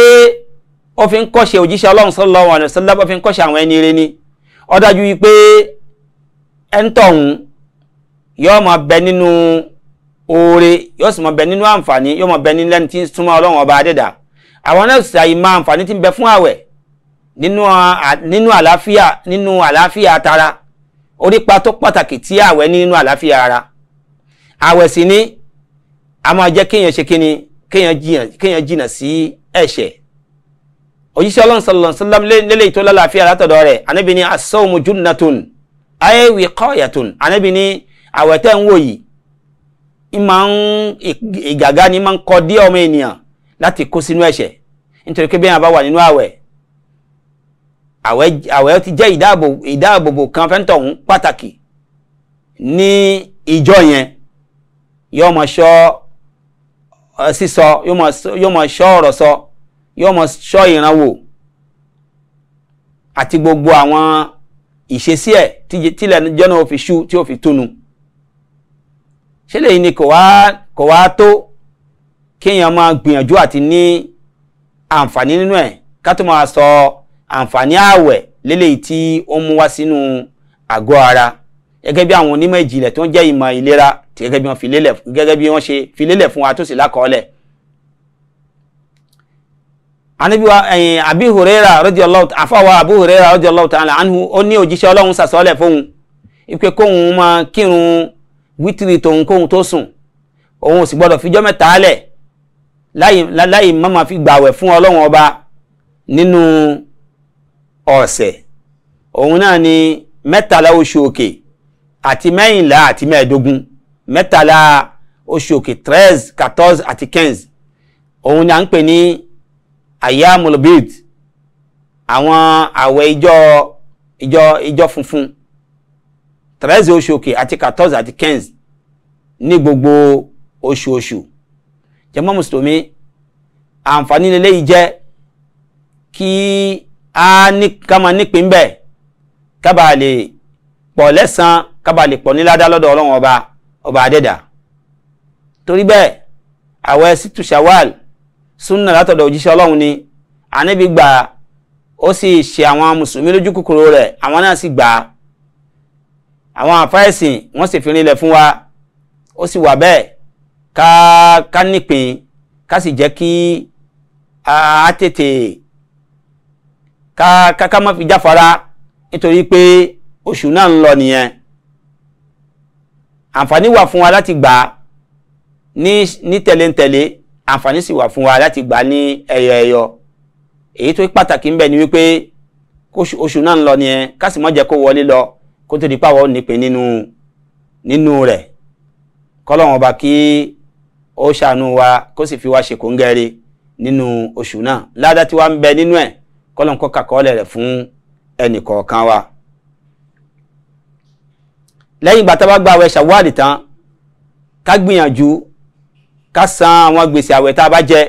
ó fi ń kọ́ṣe òjíṣẹ́ Ọlọ́run sallallahu alaihi ẹ̀ńtọ̀hún yóò ma bẹ nínú oore yóò sì ma bẹ nínú àǹfààní yóò ma bẹ nínú lẹ́ni tí ń súnmọ́ ọlọ́run ọba adẹ́dà àwọn náà sì àyè máa àǹfààní tí ń bẹ fún àwẹ̀ nínú àlàáfíà nínú àlàáfíà tara orípa tó pàtàkì tí àwẹ̀ ní nínú àlàáfíà ara àwẹ̀ sì ni a máa jẹ́ kéèyàn ṣe kíni kéèyàn jìnà sí ẹ̀ṣẹ̀ òjíṣẹ́ ọlọ́run sallallahu alaihi wasallam lélẹ́yìí tó lálàáfíà látọ̀dọ̀ rẹ̀ Ànábì ní as-sawmu ayé wiqayatun ànábì ní àwẹ̀ tẹ́ ń wò yìí ìmọ̀ ìgàgá ni máa ń kọ díẹ̀ ọmọ ènìyàn láti kó sínú ẹ̀ṣẹ̀ nítorí pé bẹ́ẹ̀ bá wà nínú àwẹ̀ àwẹ̀ ti jẹ́ ìdáàbòbò kan fẹ́ntọ̀ ọ̀hún pàtàkì ní ìjọ yẹn yóò mọ̀ ṣọ́ sísọ yóò mọ̀ ṣọ́ ọ̀rọ̀ sọ yóò mọ̀ ṣọ́ ìran wò àti gbogbo àwọn ìṣesí ẹ̀ tílẹ̀ jọ́nà ó fi ṣú tí ó fi túnu ṣé lèyìn ni kò wá kò wá tó kéèyàn máa gbìyànjú àti ní àǹfààní nínú ẹ̀ ká tó máa sọ àǹfààní ààwẹ̀ léléyìí tí ó mú wá sínú àgọ́ ara gẹ́gẹ́ bí àwọn onímọ̀ ìjìnlẹ̀ tó ń jẹ́ ìmọ̀ ìlera gẹ́gẹ́ bí wọ́n fi lélẹ̀ fún wa tó sì lákọọ́lẹ̀ anabi wa ẹyin eh, abi hurera radiyallahu afawa abu hurera radiyallahu ta'ala anhu ó ní òjíṣẹ́ Ọlọ́run sàsọlẹ fóun ipe kóun máa kírun wítìrì tòun kóun tó sùn òun ò sì gbọ́dọ̀ fijọ́ mẹ́ta lẹ̀ láì má máa fi gbàwẹ̀ fún Ọlọ́run ọba nínú ọ̀sẹ̀ òun náà ni mẹ́tàlá oṣù òkè àti mẹ́yìnlá àti mẹ́ẹ̀ẹ́dógún mẹ́tàlá oṣù òkè treize quatorze àti quinze òun ni à ń pè ní ayamul bid àwọn àwẹ̀ ìjọ ìjọ ìjọ funfun tẹrẹsì oṣù òkè àti katọ́sì àti kẹ́ǹsì ní gbogbo oṣooṣù jẹmọ́ mùsùlùmí àǹfààní lélẹ́yìí jẹ́ kí a ní ká máa nípìn bẹ́ẹ̀ ká bàa lè pọ̀ lẹ́sàn ká bàa lè pọ̀ níládá lọ́dọ̀ ọlọ́run ọba ọba adẹ́dà torí bẹ́ẹ̀ àwẹ̀ situ shawal súnà látọ̀dọ̀ òjíṣẹ́ ọlọ́run ni ànábì gbà ó sì ṣe àwọn mùsùlùmí lójú kòkòrò rẹ̀ àwọn náà sì gbà á àwọn àfáìsìn wọ́n sì fi rinlẹ̀ fún wa ó sì wà bẹ́ẹ̀ ká ká nípìn ká sì jẹ́ kí a tètè ká ká ká má fi jáfara nítorí pé oṣù náà ń lọ nìyẹn àǹfààní wà fún wa láti gbà ní ní tẹ̀léǹtẹ̀lé àǹfààní sì wà fún wa láti gbà ní ẹyọ ẹyọ èyí tó pàtàkì ń bẹ ni wípé oṣù náà ń lọ nìyẹn ká sì má jẹ́ kó wọlé lọ kó tó di pàwọ́ nípe nínú nínú rẹ̀ kọ́lọ́wọ́n ọba kí ó ṣàánú wa kó sì fi wá ṣe kóńgẹ́rẹ́ nínú oṣù náà ládàá tí wàá ń bẹ nínú ẹ̀ kọ́lọ́wọ́n kọ́ kàkọ́ọ́lẹ̀ rẹ̀ fún ẹnì kọ̀ọ̀kan wa. lẹ́yìn ìgbà tá a bá gba àwẹ̀ ṣàwádìí tán ká gbìyànjú ká san àwọn gbèsè àwẹ̀ tá a bá jẹ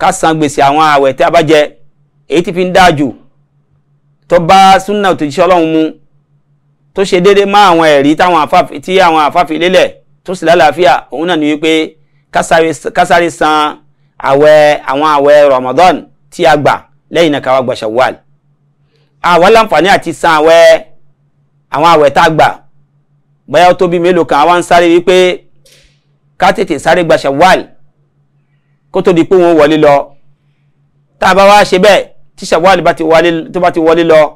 ká san gbèsè àwọn àwẹ̀ tá a bá jẹ èyí tí fi ń dáa jù tó bá súnà òtòjíṣẹ́ ọlọ́run mu tó ṣe déédéé má àwọn ẹ̀rí tí àwọn àfáàfi lélẹ̀ tó sì lálàáfíà òun náà ni wípé kásáré san àwẹ̀ àwọn àwẹ̀ Ramadan tí a gbà lẹ́yìn náà káwá gba Shawwal àwa láǹfààní àti san àwẹ̀ àwọn àwẹ̀ tá a gbà bóyá tó bí mélòó kan àwa ń sáré wípé ká tètè sáré gba ṣàwáàlì kó tó di pé wọn wọlé lọ tá a bá wá ṣe bẹ́ẹ̀ tí ṣàwáàlì tó bá ti wọlé lọ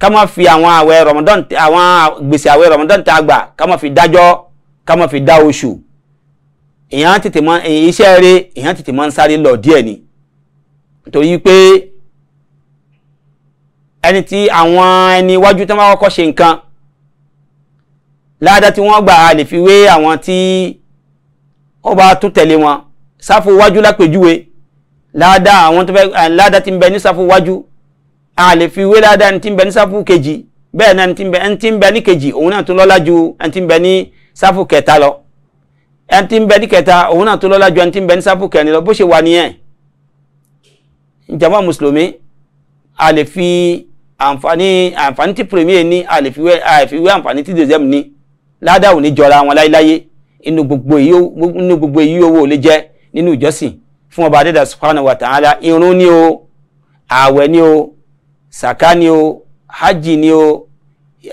ká má fi àwọn àwẹ̀ rọmọdán àwọn gbèsè àwẹ̀ rọmọdán tá a gbà ká má fi dájọ́ ká má fi dá oṣù èèyàn tètè mọ iṣẹ́ rẹ̀ èèyàn tètè mọ sáré lọ díẹ̀ ni torí pé ẹni tí àwọn ẹni iwájú tó máa kọ́kọ́ ṣe nǹkan ládàá tí wọ́n gbà lè fi wé àwọn tí ọba tó tẹ̀lé wọn sáfù wájú lápèjúwe ládàá àwọn tó fẹ́ ládàá ti ń bẹ ní sáfù wájú a lè fi wé ládàá ní ti ń bẹ ní sáfù kejì bẹ́ẹ̀ náà ní ti ń bẹ ẹni tí ń bẹ ní kejì òun náà tó lọ́lá ju ẹni tí ń bẹ ní sáfù kẹta lọ ẹni tí ń bẹ ní kẹta òun náà tó lọ́lá ju ẹni tí ń bẹ ní sáfù kẹrin lọ bó ṣe wà nìyẹn jama mùsùlùmí a lè fi àǹfààní àǹfààní tí premier ní a lè fi wé àǹfààní tí deuxième ní ládàá ò ní jọra wọn láéláyé inú gbogbo èyí inú gbogbo èyí owó ò lè jẹ́ nínú ìjọsìn fún ọba adẹ́dà subhanahu wa ta'ala irun ni o ààwẹ̀ ni o sàká ni o hajj ni o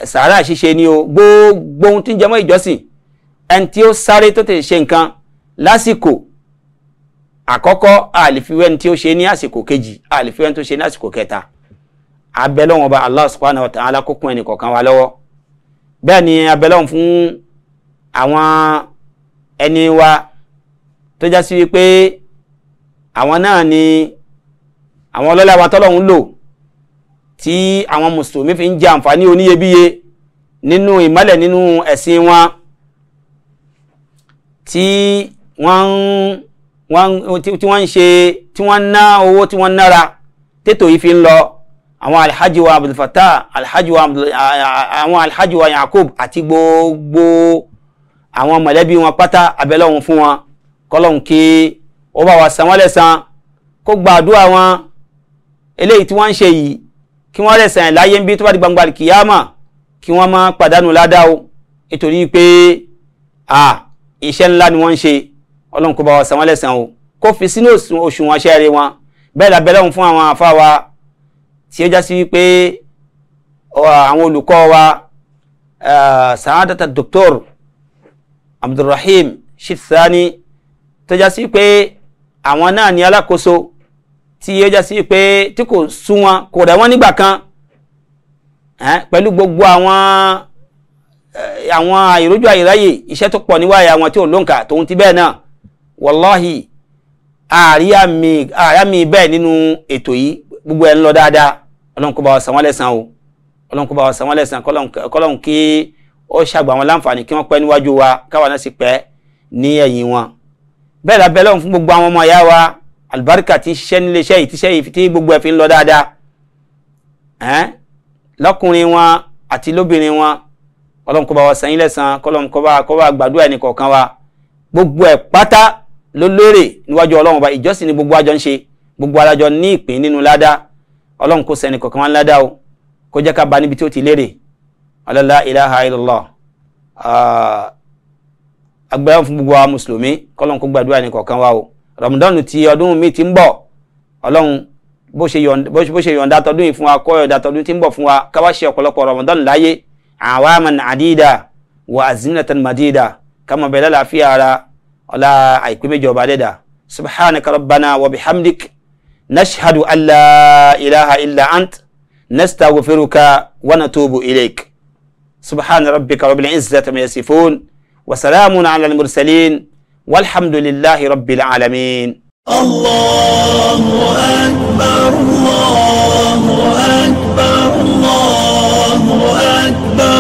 sàárà ṣíṣe ni o gbogbo ohun tí ń jẹmọ́ ìjọsìn ẹni tí ó sáré tó tẹ̀ ṣe nǹkan lásìkò àkọ́kọ́ àlìfiwẹ́ ẹni tí ó ṣe ní àsìkò kejì àlìfiwẹ́ ẹni tó ṣe ní àsìkò kẹta abẹ́lọ́wọ̀n ọba allah subhanahu wa ala kó kún ẹnì kọ̀ọ̀kan wa lọ́wọ́ bẹ́ẹ̀ ni abẹ́lọ́wọ̀n fún àwọn ẹni wa tó já sí wípé àwọn náà ni àwọn ọlọ́lá wa tọ́lọ́hún lò tí àwọn mùsùlùmí fi ń jẹ àǹfààní oníyebíye nínú ìmọ́lẹ̀ nínú ẹ̀sìn wọn tí wọ́n tí wọ́n ń ṣe tí wọ́n ń ná owó tí wọ́n nára tètò yìí fi ń lọ àwọn alhaji wa abdulfatah alhaji wa àwọn alhaji wa yakub àti gbogbo àwọn mọ̀lẹ́bí wọn pátá abẹ́lọ́hún fún wọn kọ́lọ́hún kí ó bá wa san wọ́n lẹ́san kó gba àdúrà wọn eléyìí tí wọ́n ń ṣe yìí kí wọ́n lẹ́san láyé ń bí tó bá di gbangba kìyàmà kí wọ́n má pàdánù ládàá o nítorí pé iṣẹ́ ńlá ni wọ́n ń ṣe ọlọ́run kó bá wa san wọ́n lẹ́san o kó fi sínú òṣùwọ̀n ṣẹ́ rẹ̀ wọn bẹ́ẹ̀ lábẹ́lọ́hún fún àwọn àfa wa tí ó já sí wípé àwọn olùkọ́ wa sàádàtà dókítọ̀rù abdulrahim shithani tó já sí pé àwọn náà ní alákòóso tí ó já sí pé tí kò sún wọn kò rẹ̀ wọ́n nígbà kan pẹ̀lú gbogbo àwọn àwọn àìrójú àìráyè iṣẹ́ tó pọ̀ níwáyé àwọn tí ò lóǹkà tòun ti bẹ́ẹ̀ náà wàláhì àríyàmì bẹ́ẹ̀ nínú ètò yìí gbogbo ẹ̀ ń lọ dáadáa ọlọ́run kó bá wa san wọ́n lẹ́san o ọlọ́run kó bá wa san wọ́n lẹ́san kọ́lọ́run kí ó ṣàgbà wọn láǹfààní kí wọ́n pẹ́ níwájú wa káwa náà sì pẹ́ ní ẹ̀yìn wọn bẹ́ẹ̀ la bẹ́ẹ̀ lọ́hùn fún gbogbo àwọn ọmọ ìyá wa alibarika ti ṣiṣẹ́ nílé iṣẹ́ yìí tíṣẹ́ yìí tí gbogbo ẹ̀ fi ń lọ dáadáa ẹ́n lọ́kùnrin wọn àti lóbìnrin wọn ọlọ́run kó wa sẹ́yìn lẹ́sàn kọ́lọ́run kó bá gbàdúrà ẹnì kọ̀ọ̀kan wa gbogbo ẹ̀ pátá ló lérè níwájú ọlọ́run ọba ìjọsìn ni gbogbo àjọ ń ṣe gbogbo alájọ ní ìpín nínú ládàá ọlọ́run kó sẹ́ni kọ̀ọ̀kan wa ń ládàá o kó jẹ́ ká ba níbi tí ó ti lérè ala la ilaha illallah agbára fún gbogbo wa mùsùlùmí kọ́lọ́n kó gbàdúrà ní kọ̀ọ̀kan wa o ramadan ti ọdún mi ti ń bọ̀ ọlọ́run bó ṣe yọ̀ǹda tọdún yìí fún wa kọ́ yọ̀ǹda tọdún ti ń bọ̀ fún wa ká wá ṣe ọ̀pọ̀lọpọ̀ ramadan láyé awaman adida wa azinatan madida ká mọ̀ bẹ́ẹ̀ lálàáfíà ara ọlá àìpé méjì ọba dẹ́dà subhanaka rabbana wa bihamdik nashhadu an ilaha illa ant nastaghfiruka wa natubu ilayk. سبحان ربك رب العزة ما يصفون وسلام على المرسلين والحمد لله رب العالمين الله أكبر الله أكبر الله أكبر